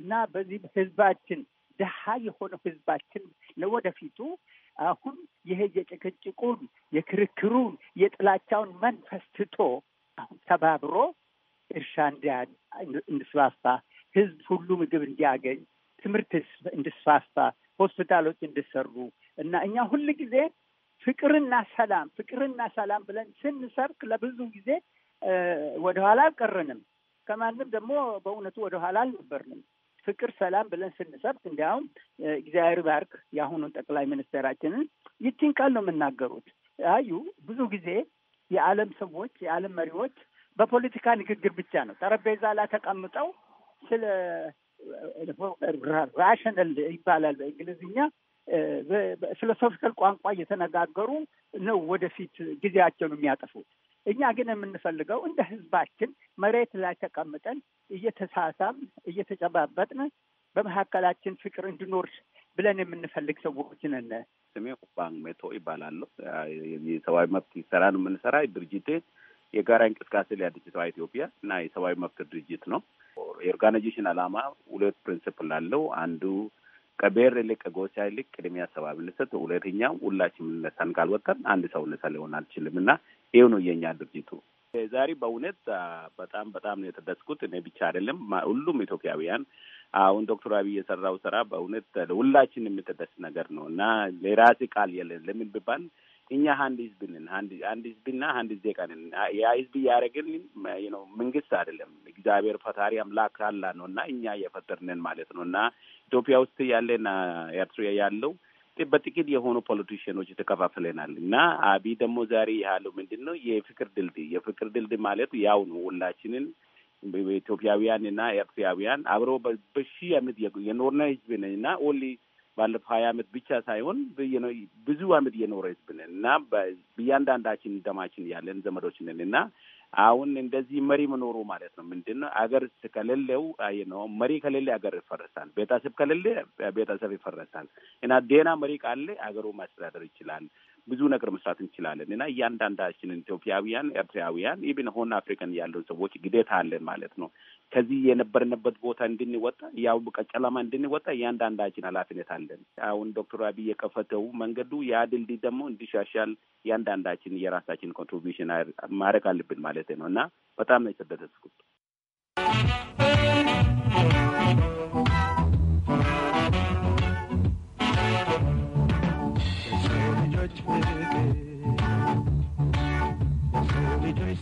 እና በዚህ ህዝባችን ድሃ የሆነው ህዝባችን ለወደፊቱ አሁን ይሄ የጭቅጭቁን የክርክሩን የጥላቻውን መንፈስ ትቶ አሁን ተባብሮ እርሻ እንዲያ እንድስፋፋ ህዝብ ሁሉ ምግብ እንዲያገኝ፣ ትምህርት እንዲስፋፋ፣ ሆስፒታሎች እንዲሰሩ እና እኛ ሁል ጊዜ ፍቅርና ሰላም ፍቅርና ሰላም ብለን ስንሰርክ ለብዙ ጊዜ ወደኋላ አልቀረንም። ከማንም ደግሞ በእውነቱ ወደኋላ አልነበርንም። ፍቅር ሰላም ብለን ስንሰብክ እንዲያውም እግዚአብሔር ባርክ የአሁኑን ጠቅላይ ሚኒስትራችንን ይቺን ቃል ነው የምናገሩት። አዩ ብዙ ጊዜ የዓለም ሰዎች የዓለም መሪዎች በፖለቲካ ንግግር ብቻ ነው ጠረጴዛ ላይ ተቀምጠው ስለ ራሽናል ይባላል በእንግሊዝኛ በፊሎሶፊካል ቋንቋ እየተነጋገሩ ነው ወደፊት ጊዜያቸውን የሚያጠፉት። እኛ ግን የምንፈልገው እንደ ህዝባችን መሬት ላይ ተቀምጠን እየተሳሳም እየተጨባበጥን በመካከላችን ፍቅር እንዲኖር ብለን የምንፈልግ ሰዎች ነን።
ስሜ ኩባን ሜቶ ይባላሉ። የሰብአዊ መብት ነው የምንሰራ ድርጅቴ የጋራ እንቅስቃሴ ለዲጂታዊ ኢትዮጵያ እና የሰብአዊ መብት ድርጅት ነው። የኦርጋናይዜሽን አላማ ሁለት ፕሪንስፕል አለው። አንዱ ከብሔር ይልቅ ከጎሳ ይልቅ ቅድሚያ ሰብአዊነት ልሰት፣ ሁለተኛ ሁላችን የምንነሳን ካልወጣን አንድ ሰው ነጻ ሊሆን አልችልም እና ይህ ነው የኛ ድርጅቱ። ዛሬ በእውነት በጣም በጣም ነው የተደስኩት። እኔ ብቻ አይደለም ሁሉም ኢትዮጵያውያን አሁን ዶክተር አብይ የሰራው ስራ በእውነት ለሁላችን የምትደስ ነገር ነው እና ለራሴ ቃል የለን ለምን ብባል እኛ አንድ ህዝብ ነን። አንድ ህዝብና አንድ ዜጋ ነን። ያ ህዝብ እያደረግን ነው መንግስት አይደለም። እግዚአብሔር ፈታሪ አምላክ አላ ነው እና እኛ እየፈጠርንን ማለት ነው እና ኢትዮጵያ ውስጥ ያለና ኤርትራ ያለው በጥቂት የሆኑ ፖለቲሽኖች ተከፋፍለናል እና አቢ ደግሞ ዛሬ ያለው ምንድን ነው? የፍቅር ድልድይ የፍቅር ድልድይ ማለት ያው ነው ሁላችንን ኢትዮጵያውያን እና ኤርትራውያን አብረው በሺህ ዓመት የኖርነ ህዝብ ነን እና ኦንሊ ባለፈው ሀያ አመት ብቻ ሳይሆን ብዙ አመት እየኖረ ህዝብ ነን እና እያንዳንዳችን ደማችን ያለን ዘመዶች ነን እና አሁን እንደዚህ መሪ መኖሩ ማለት ነው ምንድን ነው? አገር ከሌለው አይ ነው መሪ ከሌለ አገር ይፈረሳል። ቤተሰብ ከሌለ ቤተሰብ ይፈረሳል እና ዴና መሪ ካለ አገሩ ማስተዳደር ይችላል። ብዙ ነገር መስራት እንችላለን እና እያንዳንዳችን ኢትዮጵያውያን፣ ኤርትራውያን ኢብን ሆን አፍሪካን ያለውን ሰዎች ግዴታ አለን ማለት ነው። ከዚህ የነበርንበት ቦታ እንድንወጣ ያው በቃ ጨለማ እንድንወጣ እያንዳንዳችን ኃላፊነት አለን። አሁን ዶክተር አብይ የከፈተው መንገዱ ያ ድልድይ ደግሞ እንዲሻሻል እያንዳንዳችን የራሳችን ኮንትሪቢሽን ማድረግ አለብን ማለት ነው እና በጣም ነው የተደሰትኩት።
ልጆች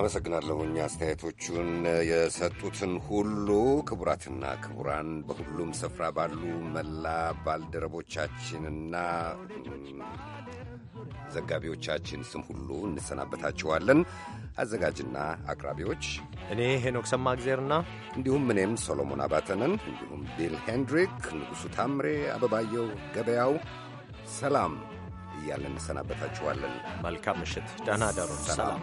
አመሰግናለሁኝ አስተያየቶቹን የሰጡትን ሁሉ። ክቡራትና ክቡራን በሁሉም ስፍራ ባሉ መላ ባልደረቦቻችንና ዘጋቢዎቻችን ስም ሁሉ እንሰናበታችኋለን። አዘጋጅና አቅራቢዎች እኔ ሄኖክ ሰማእግዜርና እንዲሁም እኔም ሶሎሞን አባተንን እንዲሁም ቢል ሄንድሪክ፣ ንጉሡ ታምሬ፣ አበባየው ገበያው ሰላም እያለን እንሰናበታችኋለን።
መልካም ምሽት። ደህና ደሩ። ሰላም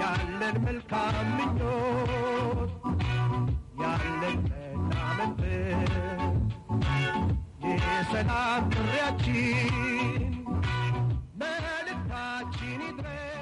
ያለን መልካም ምኞት
ያለን መናመንት የሰላም ጥሪያችን መልእክታችን
ይድረስ።